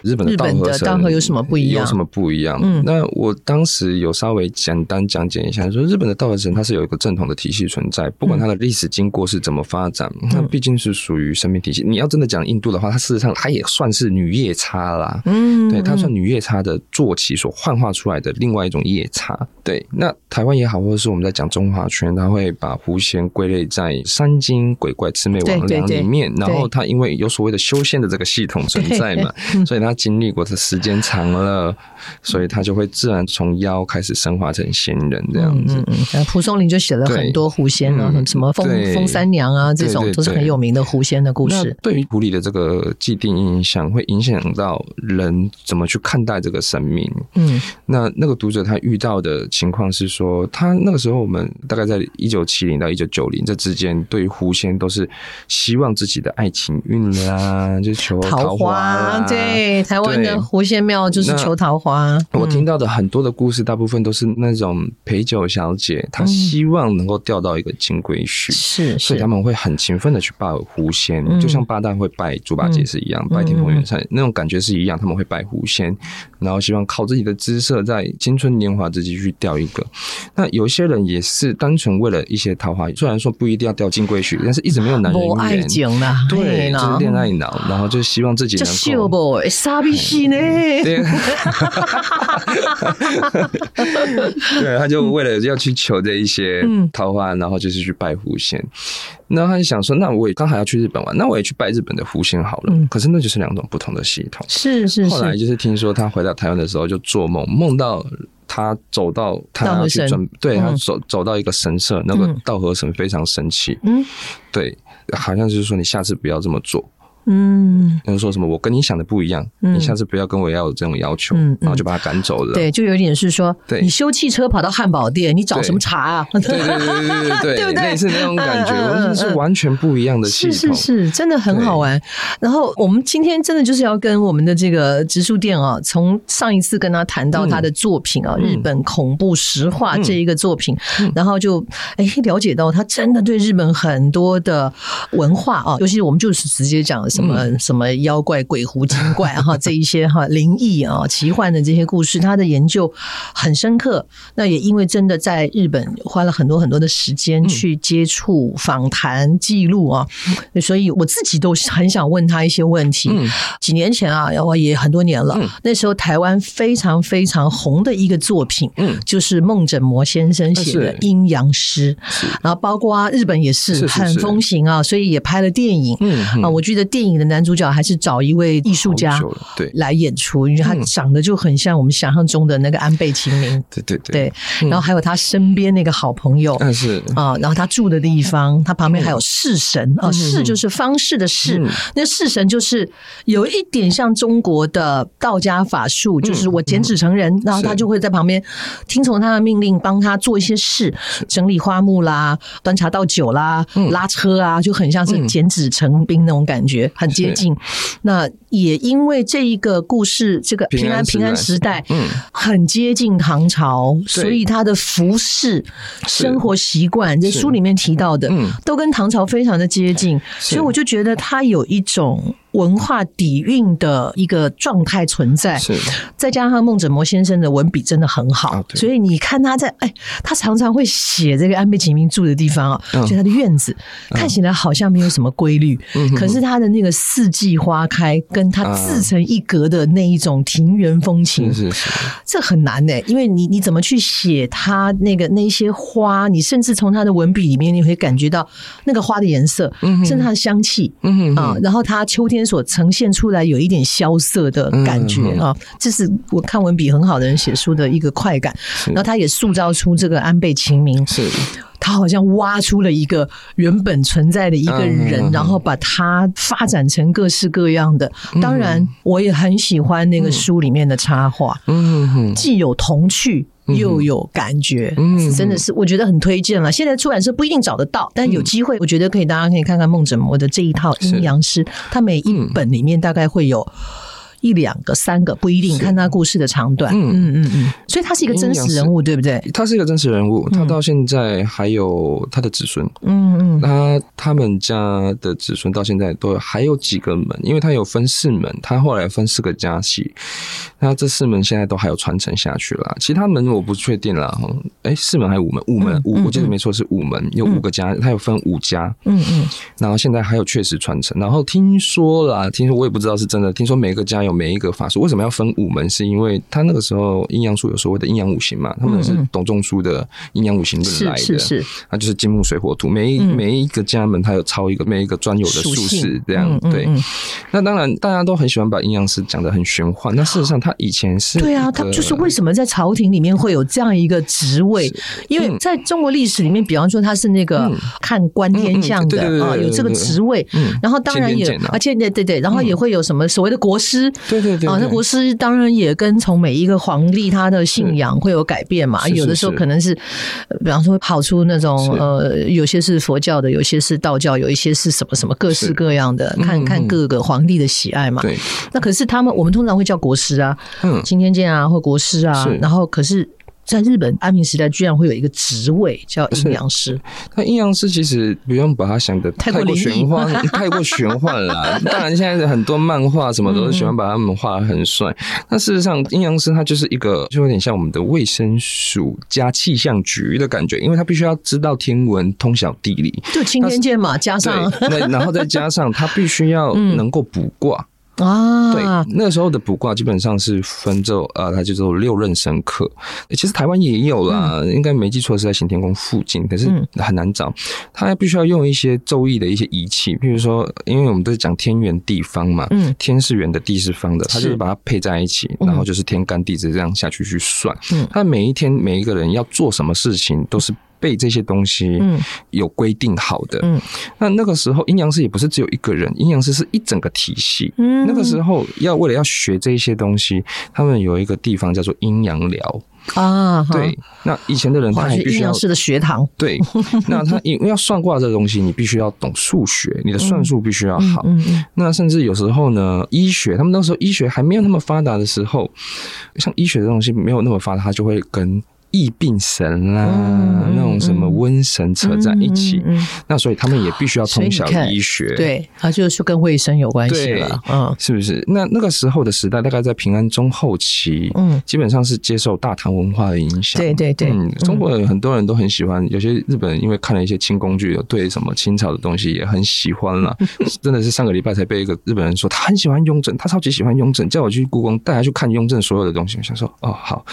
日本的。日本的稻荷有什麼不一樣？有什麼不一樣？嗯，那我當時有稍微簡單講解一下，嗯、說日本的稻荷神它是有一個正統的體系存在，不管它的歷史經過是怎麼發展，嗯、它畢竟是屬於生命體系。嗯、你要真的講印度的話，它事實上它也算是女夜叉啦，嗯，對，它算女夜叉的坐騎所幻化出來的另外一種夜叉。對，那台灣也好，或者是我們在講中華圈，它會把狐仙歸類在三精鬼怪魑魅魍魉裡面，對對對，然後它因為有所謂的修仙的這個系統存在嘛，對對對，所以它今。立國的時間長了，所以他就會自然從妖開始升華成仙人這樣子。嗯，嗯嗯，蒲松齡就寫了很多狐仙啊，嗯、什麼封對封三娘啊，這種對對對對都是很有名的狐仙的故事。那對於狐狸的這個既定印象，會影響到人怎麼去看待這個神明？嗯，那那個讀者他遇到的情況是說，他那個時候我們大概在一九七零到一九九零這之間，對狐仙都是希望自己的愛情運啊， [LAUGHS] 就求桃花，、啊、桃花，對，臺灣。狐仙廟就是求桃花。我聽到的很多的故事，大部分都是那種陪酒小姐，她希望能夠釣到一個金龜婿，是，是，所以他們會很勤奮的去拜狐仙，嗯、就像八大會拜豬八戒是一樣，嗯、拜天蓬元帥、嗯、那種感覺是一樣。他們會拜狐仙，嗯嗯、然後希望靠自己的姿色，在青春年華之際去釣一個。那有些人也是單純為了一些桃花，雖然說不一定要釣金龜婿，但是一直沒有男人愛情。對，對呢就是戀愛腦，啊、然後就希望自己能夠。 [LAUGHS] 對，他就為了要去求這一些桃花，然後就是去拜狐仙。那他就想說，那我也剛好要去日本玩，那我也去拜日本的狐仙好了。嗯、可是那就是兩種不同的系統，是，是是。後來就是聽說他回到台灣的時候就做夢，夢到他走到他要去準備，對，他走走到一個神社，那個稻荷神非常生氣，嗯，對，好像就是說你下次不要這麼做。嗯，他就說什麼我跟你想的不一樣，你下次不要跟我要有這種要求，然後就把他趕走了。對，就有點是說，你修汽車跑到漢堡店，你找什麼茬啊？對對對，對不對？是那種感覺，是完全不一樣的。是是是，真的很好玩。然後我們今天真的就是要跟我們的這個直樹殿啊，從上一次跟他談到他的作品啊，日本恐怖實話這一個作品，然後就哎了解到他真的對日本很多的文化啊，尤其是我們就是直接講。什麼什麼妖怪、鬼狐、精怪哈、啊，這一些哈靈異啊、啊、奇幻的這些故事，他的研究很深刻。那也因為真的在日本花了很多很多的時間去接觸訪談記錄啊，所以我自己都很想問他一些問題。幾年前啊，也很多年了。那時候台灣非常非常紅的一個作品，就是夢枕貘先生寫的《陰陽師》，然後包括日本也是很風行啊，所以也拍了電影啊。我記得電影電影的男主角還是找一位藝術家對來演出，因為他長得就很像我們想象中的那個安倍晴明，對對對。然後還有他身邊那個好朋友，是啊，然後他住的地方，他旁邊還有式神啊，式就是方式的式，那式神就是有一點像中國的道家法術，就是我剪紙成人，然後他就會在旁邊聽從他的命令，幫他做一些事，整理花木啦，端茶倒酒啦，拉車啊，就很像是剪紙成兵那種感覺。很接近，是那也因為這一個故事，這個平安平安時代，很接近唐朝，嗯，所以他的服飾、生活習慣，這對書裡面提到的，是都跟唐朝非常的接近，嗯，所以我就覺得他有一種。文化底蘊的一個狀態存在，是。再加上夢枕獏先生的文筆真的很好，oh, 對所以你看他在，哎，他常常會寫這個安倍晴明住的地方啊、哦，就、oh, 他的院子，oh. 看起來好像沒有什麼規律，嗯、哼可是他的那個四季花開，跟他自成一格的那一種庭園風情，是是是，這很難呢、欸，因為你你怎麼去寫他那個那些花？你甚至從他的文筆裡面，你會感覺到那個花的顏色，嗯哼，甚至它的香氣，嗯啊哼、嗯，然後他秋天。所呈現出來有一點蕭瑟的感覺啊，這是我看文筆很好的人寫書的一個快感。然後他也塑造出這個安倍晴明，是，他好像挖出了一個原本存在的一個人，然後把他發展成各式各樣的。當然，我也很喜歡那個書裡面的插畫，嗯哼，既有童趣。又有感覺，嗯、哼真的是我覺得很推薦了。現在出版社不一定找得到，但有機會，嗯、我覺得可以，大家可以看看夢枕獏的這一套《陰陽師》是，他每一本裡面大概會有。一兩個、三個不一定，看他故事的長短。嗯嗯嗯嗯，所以他是一個真實人物，對不對、嗯？他是一個真實人物，他到現在還有他的子孫、嗯。嗯嗯，他他們家的子孫到現在都還有幾個門，因為他有分四門，他後來分四個家系。那這四門現在都還有傳承下去了，其他門我不確定了。哎、欸，四門還是五門？五門，嗯嗯、五我記得沒錯是五門，嗯、有五個家，嗯嗯、他有分五家。嗯嗯，嗯然後現在還有確實傳承。然後聽說啦，聽說我也不知道是真的。聽說每個家有。每一個法術為什麼要分五門？是因為他那個時候陰陽術有所謂的陰陽五行嘛？他們是董仲舒的陰陽五行論來的。那、嗯、就是金木水火土。每一、嗯、每一個家門，他有超一個每一個專有的術士這樣。對，嗯嗯嗯、那當然大家都很喜歡把陰陽師講得很玄幻，那事實上他以前是，對啊，他就是為什麼在朝廷裡面會有這樣一個職位？嗯、因為在中國歷史裡面，比方說他是那個看觀天象的啊，有這個職位。然後當然也，而且、啊、對對對，然後也會有什麼所謂的國師。對對對，對，啊，那國師當然也跟從每一個皇帝他的信仰會有改變嘛，是是是是，有的時候可能是，比方說跑出那種是是呃，有些是佛教的，有些是道教，有一些是什麼什麼各式各樣的，是 看看各個皇帝的喜愛嘛。對，嗯嗯嗯、那可是他們我們通常會叫國師啊，嗯欽天監啊，欽天監啊或國師啊，是 然後可是。在日本安平時代，居然會有一個職位叫陰陽師。那陰陽師其實不用把他想得太過玄幻，太過， [LAUGHS] 太過玄幻了，啊。 [LAUGHS] 對當然，現在的很多漫畫什麼都是喜歡把他們畫得很帥。那，嗯，事實上，陰陽師他就是一個，就有點像我們的衛生署加氣象局的感覺，因為他必須要知道天文，通曉地理，就欽天監嘛。是加上對對，然後再加上他必須要能夠卜卦。嗯啊，對，那時候的卜卦基本上是分這啊、呃，它叫做六壬神課。其實台灣也有啦，嗯、應該沒記錯是在行天宮附近，可是很難找。嗯、它還必須要用一些周易的一些儀器，比如說，因為我們都是講天圓地方嘛，嗯，天是圓的，地是方的，它就是把它配在一起，嗯、然後就是天干地支這樣下去去算。嗯，嗯它每一天每一個人要做什麼事情都是。被這些東西嗯，有規定好的，嗯，嗯那那個時候陰陽師也不是只有一個人，陰陽師是一整個體系。嗯，那個時候要為了要學這些東西，他們有一個地方叫做陰陽寮啊。對，那以前的人他必須要陰陽師的學堂。對，那他因為要算卦這個東西，你必須要懂數學，嗯、你的算術必須要好。嗯，嗯嗯那甚至有時候呢，醫學他們那時候醫學還沒有那麼發達的時候，像醫學的東西沒有那麼發達，他就會跟。疫病神啦，那種什麼瘟神扯在一起，那所以他們也必須要通曉醫學，對，啊，就是跟衛生有關係了，嗯，是不是？那那個時候的時代大概在平安中後期，嗯，基本上是接受大唐文化的影響，對對對，嗯，中國人很多人都很喜歡，有些日本人因為看了一些清宮劇，對什麼清朝的東西也很喜歡了，真的是上個禮拜才被一個日本人說他很喜歡雍正，他超級喜歡雍正，叫我去故宮帶他去看雍正所有的東西，我想說哦好，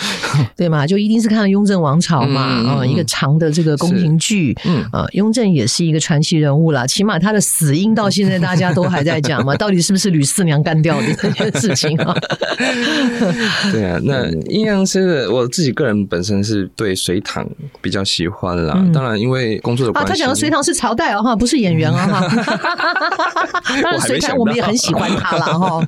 對嘛，就一定是看。雍正王朝嘛，啊、嗯嗯呃，一個長的這個宮廷劇，啊、嗯呃，雍正也是一個傳奇人物啦。起碼他的死因到現在大家都還在講嘛， [LAUGHS] 到底是不是呂四娘幹掉的這件事情啊？對啊，那陰陽師的，我自己個人本身是對隋唐比較喜歡啦。嗯、當然，因為工作的關係、啊，他講的隋唐是朝代啊，哈，不是演員啊，哈。 [LAUGHS] [LAUGHS] 當然，隋唐我們也很喜歡他啦。哈。 [LAUGHS]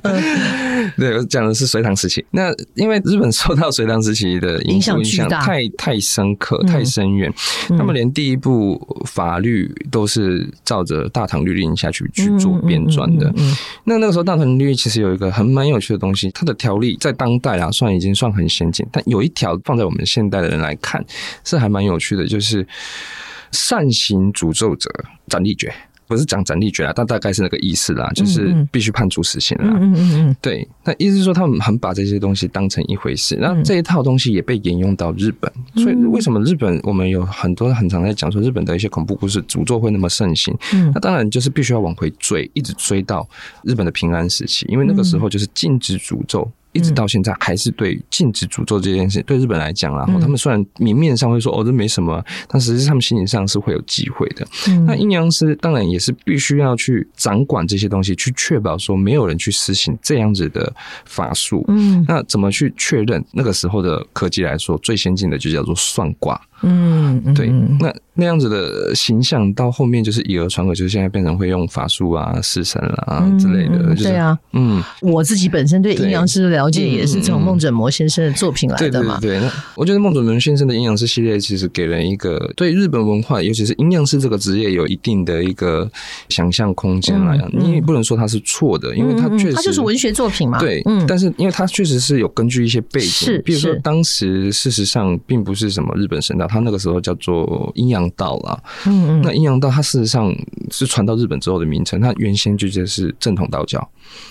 [LAUGHS] 對，我講的是隋唐時期。那因為日本受到隋唐時期的影響巨大。太太深刻、太深遠，嗯嗯、他們連第一部法律都是照着《大唐律令》下去去做編撰的。嗯嗯嗯嗯、那那個時候，《大唐律令》其實有一個很蠻有趣的東西，它的條例在當代啊算已經算很先進，但有一條放在我們現代的人來看是還蠻有趣的，就是“善行詛咒者斬立決”。不是講斬立決啦，但大概是那個意思啦，就是必須判處死刑啦。嗯嗯嗯，對，那意思是說他們很把這些東西當成一回事。那、嗯、這一套東西也被沿用到日本，嗯、所以為什麼日本我們有很多很常在講說日本的一些恐怖故事詛咒會那麼盛行？嗯、那當然就是必須要往回追，一直追到日本的平安時期，因為那個時候就是禁止詛咒。一直到現在還是對禁止詛咒這件事，對日本來講，然後、嗯、他們雖然明面上會說哦，這沒什麼，但實際上他們心理上是會有忌諱的。嗯、那陰陽師當然也是必須要去掌管這些東西，去確保說沒有人去實行這樣子的法術。嗯，那怎麼去確認？那個時候的科技來說，最先進的就叫做算卦。嗯，嗯，對，那那樣子的形象到後面，就是以訛傳訛，就是現在變成會用法術啊、式神啦、啊、之類的，對啊嗯，我自己本身對陰陽師的了解也是從夢枕獏先生的作品來的嘛，對，對，對，對，那我覺得夢枕獏先生的陰陽師系列其實給人一個對日本文化，尤其是陰陽師這個職業，有一定的一個想象空間來的。嗯嗯，你也不能說它是錯的，因為它確實嗯嗯嗯，它就是文學作品嘛，對，嗯、但是因為它確實是有根據一些背景，是是比如說當時事實上並不是什麼日本神道。他那個時候叫做陰陽道啦，嗯嗯，那陰陽道它事實上是傳到日本之後的名稱，它原先就就是正統道教，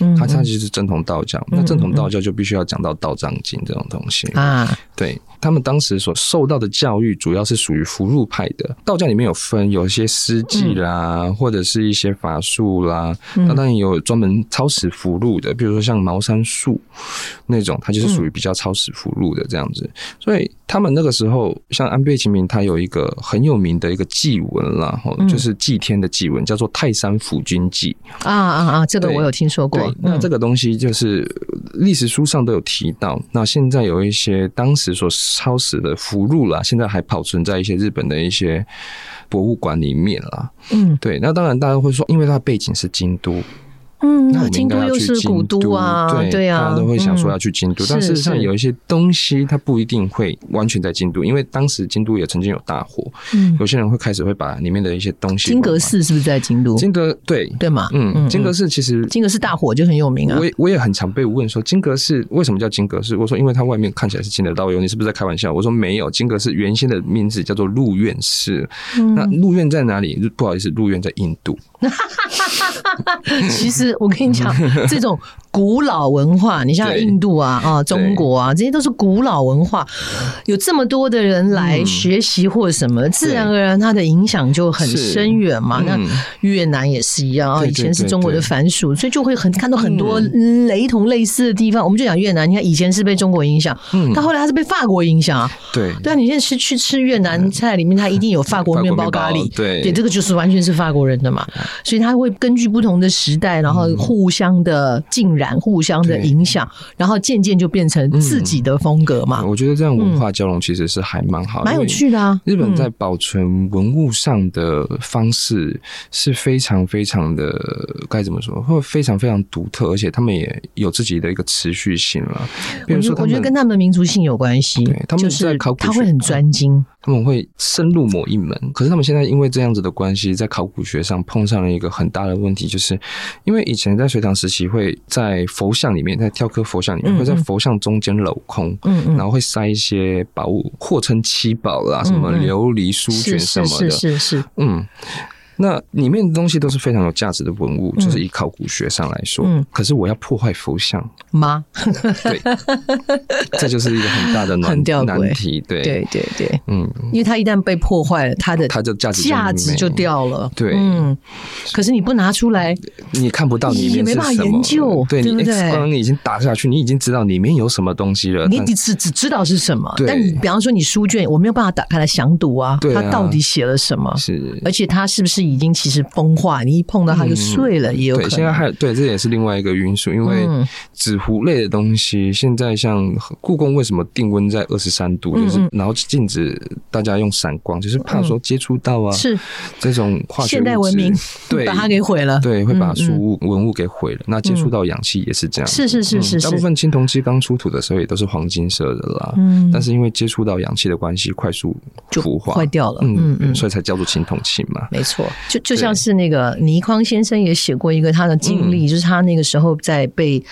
嗯嗯，它就是正統道教，嗯嗯，那正統道教就必須要講到道藏經這種東西啊，對。他們當時所受到的教育，主要是屬於符籙派的。道教裡面有分有一些詩祭啦，嗯、或者是一些法術啦。嗯、當然有專門抄寫符籙的，比如說像茅山術那種，它就是屬於比較抄寫符籙的這樣子。嗯、所以他們那個時候，像安倍晴明，他有一個很有名的一個祭文啦，嗯、就是祭天的祭文，叫做《泰山府君祭》。啊啊啊！這個我有聽說過。那這個東西就是。歷史書上都有提到，那現在有一些當時所抄寫的符籙啦，現在還保存在一些日本的一些博物館裡面啦。嗯，對，那當然大家會說，因為它的背景是京都。嗯，那我們應該要去京都，京都又是古都啊，對對啊，大家都會想說要去京都，但事實上有一些東西它不一定會完全在京都，因為當時京都也曾經有大火，有些人會開始會把裡面的一些東西。金閣寺是不是在京都？金閣對對嘛，嗯，金閣寺其實金閣寺大火就很有名啊。我我也很常被問說金閣寺為什麼叫金閣寺？我說因為它外面看起來是金的，道有你是不是在開玩笑？我說沒有，金閣寺原先的名字叫做鹿苑寺，那鹿苑在哪裡？不好意思，鹿苑在印度。其實。我跟你講，這種古老文化，你像印度啊、啊中國啊，這些都是古老文化，對有這麼多的人來學習或什麼，嗯、自然而然它的影響就很深遠嘛。嗯、那越南也是一樣啊，以前是中國的藩屬，對對對對，所以就會很看到很多雷同類似的地方。嗯、我們就講越南，你看以前是被中國影響，嗯，但後來它是被法國影響啊。對，但你現在去去吃越南菜，裡面它一定有法國麵包咖喱，對，對，對，這個就是完全是法國人的嘛。所以他會根據不同的時代，然後。互相的浸染，互相的影響，對然後漸漸就變成自己的風格嘛、嗯。我覺得這樣文化交融其實是還蠻好的，蠻、嗯、有趣的啊。日本在保存文物上的方式是非常非常的該、嗯、怎麼說，會非常非常獨特，而且他們也有自己的一個持續性了。比如說我，我覺得跟他們的民族性有關係。他們就是在考古學，他會很專精，他們會深入某一門。可是他們現在因為這樣子的關係，在考古學上碰上了一個很大的問題，就是因為。以前在隋唐時期，會在佛像裡面，在雕刻佛像裡面，嗯嗯，會在佛像中間鏤空，嗯嗯，然後會塞一些寶物，或稱七寶啦、啊，嗯嗯，什麼琉璃、書卷什麼的，是是是，是是是，嗯。那裡面的東西都是非常有價值的文物，就是以考古學上來說。嗯。可是我要破壞佛像嗎？對，這就是一個很大的難題。對對對對，嗯，因為它一旦被破壞，它的它的價值價值就掉了。對，嗯。可是你不拿出來，你看不到，你沒辦法研究。對對對。光你已經打下去，你已經知道裡面有什麼東西了，你只只知道是什麼。但你比方說，你書卷我沒有辦法打開來詳讀啊，它到底寫了什麼？是。而且它是不是？已經其實崩壞，你一碰到它，就碎了，也有可能。對，現在還，對，這也是另外一個因素，因為紙糊類的東西，現在像故宮為什麼定溫在二十三度？就是然後禁止大家用閃光，就是怕說接觸到啊，是這種化學物質，對把它給毀了，對，會把書物文物給毀了。那接觸到氧氣也是這樣，是是是是，大部分青銅器剛出土的時候也都是黃金色的啦，嗯，但是因為接觸到氧氣的關係，快速腐化壞掉了，嗯，所以才叫做青銅器嘛，沒錯。就就像是那個倪匡先生也寫過一個他的經歷，嗯、就是他那個時候在被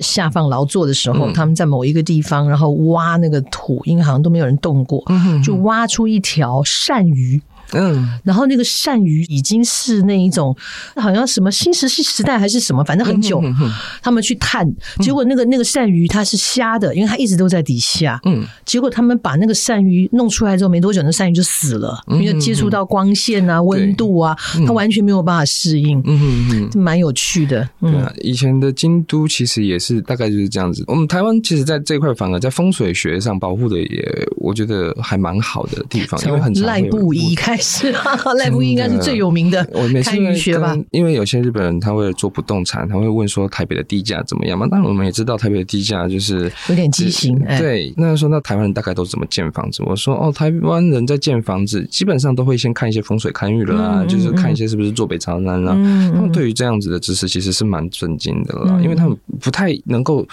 下放勞作的時候，嗯、他們在某一個地方，然後挖那個土，因為好像都沒有人動過，嗯、哼哼就挖出一條鱔魚。嗯，然後那個鱔魚已經是那一種，好像什麼新石器時代還是什麼，反正很久，嗯、哼哼他們去探，結果那個那個鱔魚它是瞎的，因為它一直都在底下，嗯，結果他們把那個鱔魚弄出來之後，沒多久那鱔魚就死了，因為接觸到光線啊、溫、嗯、度啊，對它完全沒有辦法適應，嗯嗯蠻有趣的。啊、嗯。以前的京都其實也是大概就是這樣子。我們台灣其實在這塊反而在風水學上保護的也，我覺得還蠻好的地方，因為很賴布衣是，賴 [LAUGHS] 布衣應該是最有名的。我每次學吧，因為有些日本人他為了做不動產，他會問說台北的地價怎麼樣嘛？那我們也知道台北的地價就是有點畸形。對，那說那台灣人大概都怎麼建房子？我說哦，台灣人在建房子基本上都會先看一些風水堪輿的啦，就是看一些是不是坐北朝南啦。他們對於這樣子的知識其實是蠻震驚的啦，因為他們不太能夠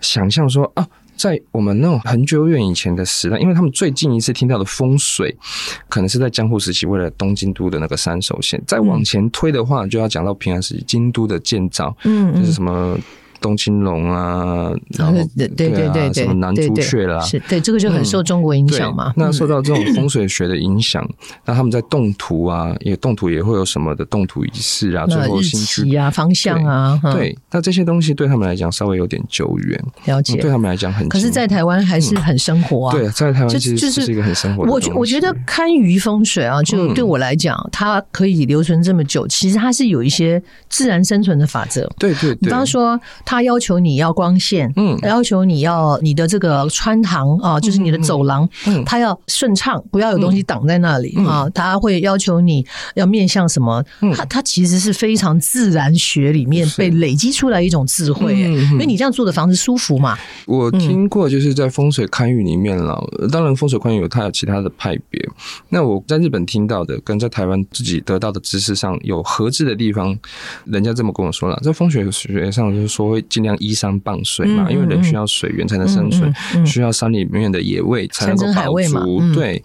想象說啊。在我們那種很久遠以前的時代，因為他們最近一次聽到的風水，可能是在江戶時期為了東京都的那個山手線，再往前推的話，就要講到平安時期，京都的建造，嗯，就是什麼。東青龍啊，然後對對對對，什麼南朱雀啦，是對，這個就很受中國影響嘛。那受到這種風水學的影響，那他們在動土啊，也動土也會有什麼的動土儀式啊，最後日期啊、方向啊，對，那這些東西對他們來講稍微有點久遠，了解，對他們來講很，可是，在台灣還是很生活啊。對，在台灣其實是一個很生活。我我覺得堪輿風水啊，就對我來講，它可以留存這麼久，其實它是有一些自然生存的法則。對對，比方說他要求你要光線，嗯，他要求你要你的這個穿堂，嗯、啊，就是你的走廊，嗯，嗯，他要順暢，不要有東西擋在那裡，嗯嗯、啊。他會要求你要面向什麼？嗯、他他其實是非常自然學裡面被累積出來一種智慧，嗯嗯嗯、因為你這樣住的房子舒服嘛。嗯、我聽過就是在風水堪輿裡面了，當然風水堪輿有它有其他的派別。那我在日本聽到的，跟在台灣自己得到的知識上有合致的地方，人家這麼跟我說了，在風水學上就是說。會盡量依山傍水嘛，嗯嗯嗯，因為人需要水源才能生存，嗯嗯嗯嗯，需要山裡面的野味才能夠飽足。味嘛嗯、對，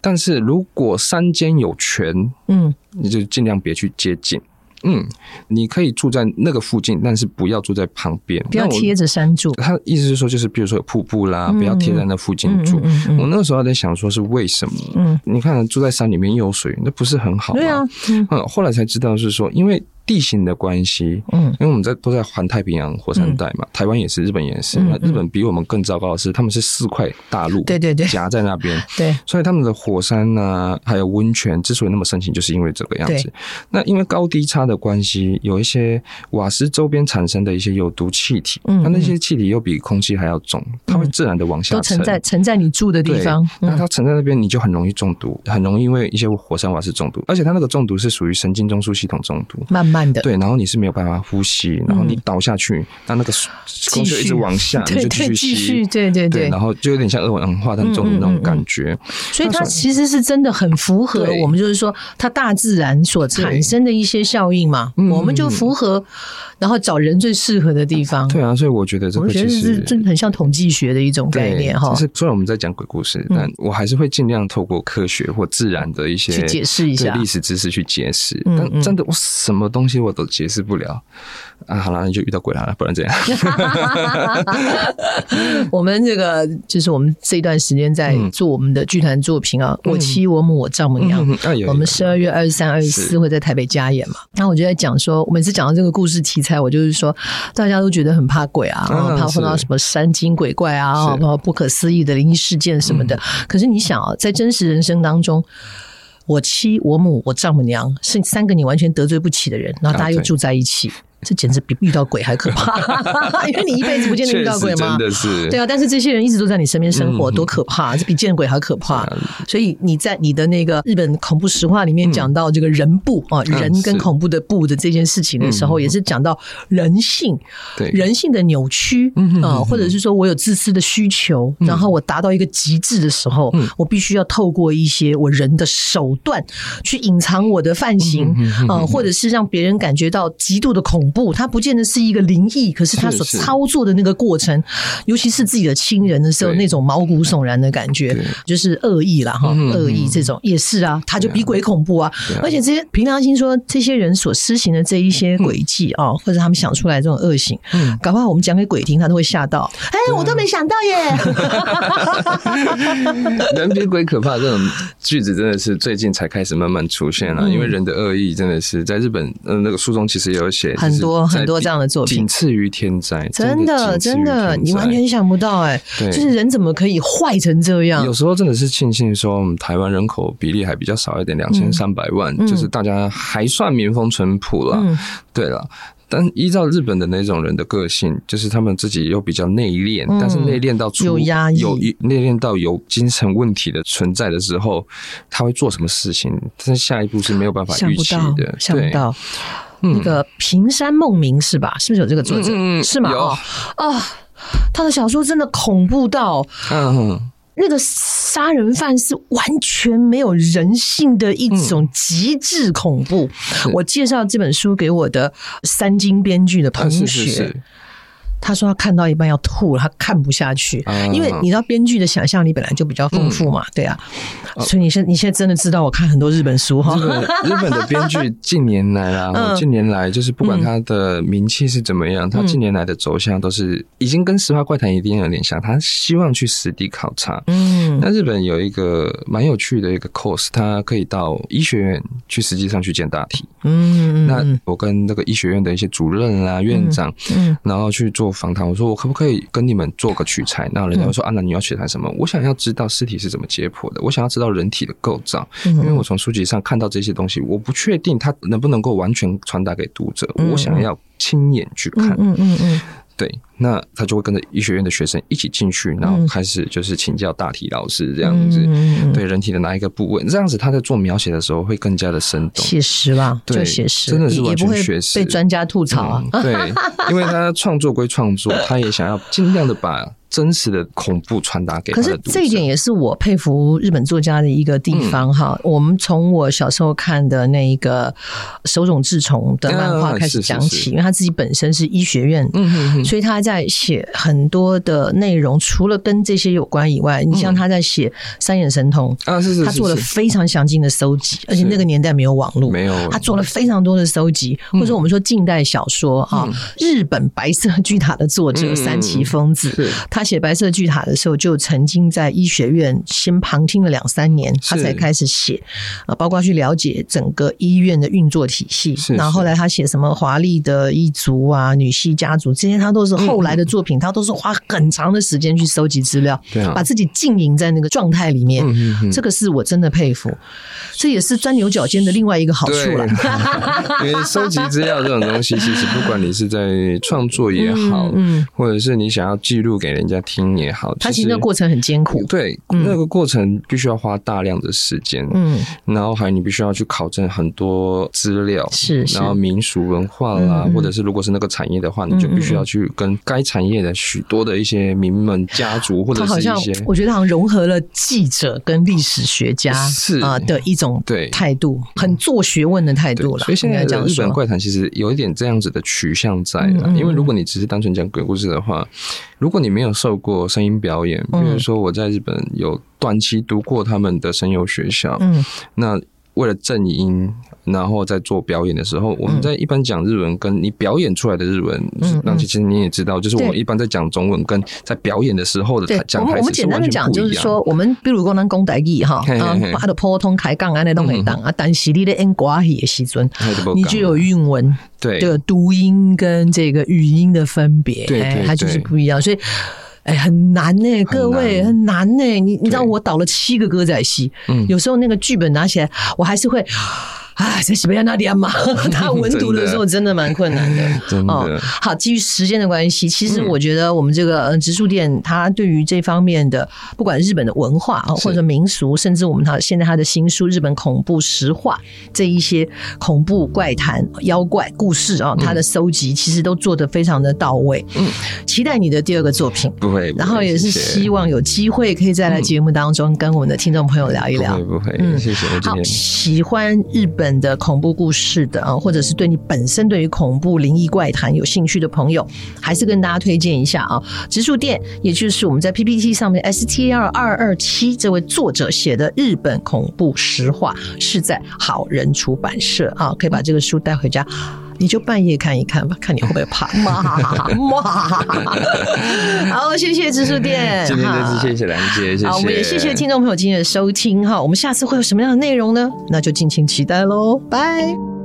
但是如果山間有泉，嗯，你就盡量別去接近。嗯，你可以住在那個附近，但是不要住在旁邊，不要貼着山住。他意思是說，就是比如說有瀑布啦，不要貼在那附近住。嗯嗯嗯嗯嗯，我那個時候在想，說是為什麼？嗯，你看住在山裡面又有水源，那不是很好嗎？啊、嗯，嗯，後來才知道是說，因為。地形的關係，嗯，因為我們在都在環太平洋火山帶嘛，嗯、台灣也是，日本也是。那、嗯、日本比我們更糟糕的是，他們是四塊大陸，對對對，夾在那邊，對，所以他們的火山呢、啊，還有溫泉之所以那麼盛行，就是因為這個樣子。對那因為高低差的關係，有一些瓦斯周邊產生的一些有毒氣體，那、嗯、那些氣體又比空氣還要重，嗯、它會自然的往下沉，都沉在沉在你住的地方。那對、嗯、它沉在那邊，你就很容易中毒，很容易因為一些火山瓦斯中毒。而且它那個中毒是屬於神經中樞系統中毒，慢慢。對，然後你是沒有辦法呼吸，然後你倒下去，那、嗯、那個空氣就一直往下，繼續就繼續對對繼續對，對，對，對，然後就有點像二氧化碳當中那種感覺嗯嗯嗯。所以它其實是真的很符合我們，就是說它大自然所產生的一些效應嘛。對我們就符合，然後找人最適合的地方。對啊，所以我覺得這個其實是真的很像統計學的一種概念哈。就是雖然我們在講鬼故事，嗯、但我還是會盡量透過科學或自然的一些解釋一下歷史知識去解釋。解釋但真的，我什麼東西。東西我都解釋不了啊！好了，你就遇到鬼了，好啦，不然這樣？ [LAUGHS] [LAUGHS] 我們這個就是我們這一段時間在做我們的劇團作品啊，嗯、我妻、我母、我丈母娘。嗯嗯嗯啊、我們十二月二十三、二十四會在台北加演嘛？那我就在講說，我每次講到這個故事題材，我就是說，大家都覺得很怕鬼啊，然後怕碰到什麼山精鬼怪啊，怕、嗯、不可思議的靈異事件什麼的。是嗯、可是你想啊，在真實人生當中。我妻、我母、我丈母娘，是三個你完全得罪不起的人，然後大家又住在一起。這簡直比遇到鬼還可怕，因為你一輩子不見得遇到鬼嗎？是。對啊，但是這些人一直都在你身邊生活，多可怕！這比見鬼還可怕。所以你在你的那個日本恐怖實話裡面講到這個人不，啊，人跟恐怖的不的這件事情的時候，也是講到人性，對，人性的扭曲啊，或者是說我有自私的需求，然後我達到一個極致的時候，我必須要透過一些我人的手段去隱藏我的犯行啊，或者是讓別人感覺到極度的恐。不，他不見得是一個靈異，可是他所操作的那個過程，尤其是自己的親人的時候，那種毛骨悚然的感覺，就是惡意了哈，惡意這種也是啊，他就比鬼恐怖啊。而且這些憑良心說，這些人所施行的這一些詭計啊，或者他們想出來這種惡行，嗯，搞不好我們講給鬼聽，他都會嚇到。哎，我都沒想到耶，人比鬼可怕，這種句子真的是最近才開始慢慢出現了，因為人的惡意真的是在日本，嗯，那個書中其實也有寫。很。多很多這樣的作品，僅次於天災，真的真的，你完全想不到哎，就是人怎麼可以壞成這樣？有時候真的是慶幸說，我們台灣人口比例還比較少一點，兩千三百萬，就是大家還算民風淳樸了。對了，但依照日本的那種人的個性，就是他們自己又比較內斂，但是內斂到有壓抑，有內斂到有精神問題的存在的時候，他會做什麼事情？但是下一步是沒有辦法預期的，想不到。嗯、那個平山夢明是吧是不是有這個作者嗯、是嗎？啊有、哦，他的小說真的恐怖到，嗯，那個殺人犯是完全沒有人性的一種極致恐怖。嗯、我介紹這本書給我的三金編劇的同學、啊。是是是他說他看到一半要吐了，他看不下去，因為你知道編劇的想象力本來就比較豐富嘛，對啊，所以你現你現在真的知道我看很多日本書哈。日本的編劇近年來啊，近年來就是不管他的名氣是怎麼樣，他近年來的走向都是已經跟《實話怪談》一定有點像，他希望去實地考察。嗯，那日本有一個蠻有趣的一個 course，他可以到醫學院去實際上去見大體。嗯，那我跟那個醫學院的一些主任啊、院長，嗯，然後去做。訪談，我說我可不可以跟你們做個取材？那人家說啊，那你要取材什麼？嗯，我想要知道屍體是怎麼解剖的，我想要知道人體的構造，嗯哼，因為我從書籍上看到這些東西，我不確定它能不能夠完全傳達給讀者。嗯哼，我想要親眼去看，嗯嗯嗯，對。那他就會跟着醫學院的學生一起進去，然後開始就是請教大體老師這樣子，對人體的哪一個部位這樣子，他在做描寫的時候會更加的生動寫實吧？對，寫實真的是完全寫實，被專家吐槽啊。對，因為他創作歸創作，他也想要盡量的把真實的恐怖傳達給、嗯。可是這一點也是我佩服日本作家的一個地方哈、嗯。我們從我小時候看的那一個手塚治蟲的漫畫開始講起，因為他自己本身是醫學院，所以他。在寫很多的內容，除了跟這些有關以外，你像他在寫《三眼神童》嗯，啊，是是，他做了非常詳盡的搜集，啊、是是是是，而且那個年代沒有網絡，沒有是，他做了非常多的搜集。是或者我們說近代小說啊，嗯、日本《白色巨塔》的作者、嗯、三崎豐子，是他寫《白色巨塔》的時候，就曾經在醫學院先旁聽了兩三年，他才開始寫啊，是包括去了解整個醫院的運作體系。是是然後後來他寫什麼華麗的一族啊、女系家族這些，他都是後。後來的作品，他都是花很長的時間去收集資料，把自己浸淫在那個狀態裡面。這個是我真的佩服，這也是鑽牛角尖的另外一個好處。因為收集資料這種東西，其實不管你是在創作也好，或者是你想要記錄給人家聽也好，它其實那個過程很艱苦。對，那個過程必須要花大量的時間，嗯，然後還你必須要去考證很多資料，是，然後民俗文化啦，或者是如果是那個產業的話，你就必須要去跟。該產業的許多的一些名門家族，或者是一些，我覺得好像融合了記者跟歷史學家啊、呃、的一種對態度，很做學問的態度了。所以現在的日本怪談其實有一點這樣子的取向在。嗯嗯，因為如果你只是單純講鬼故事的話，如果你沒有受過聲音表演，比如說我在日本有短期讀過他們的聲優學校，嗯，嗯，那為了正音。然後在做表演的時候，我們在一般講日文，跟你表演出來的日文，那、嗯嗯嗯、其實你也知道，就是我們一般在講中文跟在表演的時候的我講還是完全不一樣的。對，我們我們簡單的講就是說。我們比如講講台語哈啊，嗯、的普通開槓、啊那種平淡啊，但是你在演歌戲的時候，對你就有韻文對，的。讀音跟這個語音的分別，對對對，它就是不一樣，所以哎、欸、很難呢、欸，各位很難呢、欸。你你知道我導了七個歌仔戲，對有時候那個劇本拿起來，我還是會。啊，在西班牙那點嘛，他文讀的時候真的蠻困難的。 [LAUGHS] 的哦，好，基於時間的關係，其實我覺得我們這個直樹殿，它對於這方面的，不管日本的文化或者民俗，是甚至我們他現在他的新書《日本恐怖實話》這一些恐怖怪談、妖怪故事啊，他的收集其實都做得非常的到位。嗯，期待你的第二個作品，不會、嗯。然後也是希望有機會可以再來節目當中跟我們的聽眾朋友聊一聊，不會，不會。嗯，謝謝、嗯。好，喜歡日本。的恐怖故事的啊，或者是對你本身對於恐怖靈異怪談有興趣的朋友，還是跟大家推薦一下啊。直樹殿，也就是我們在 PPT 上面 star 227這位作者寫的日本恐怖實話，是在好人出版社啊，可以把這個書帶回家。你就半夜看一看吧，看你會不會怕？媽，媽 [LAUGHS] 好，謝謝直樹殿，謝謝謝謝郎姐，謝謝，我們也謝謝聽眾朋友今天的收聽哈，我們下次會有什麼樣的內容呢？那就敬請期待嘍，拜拜。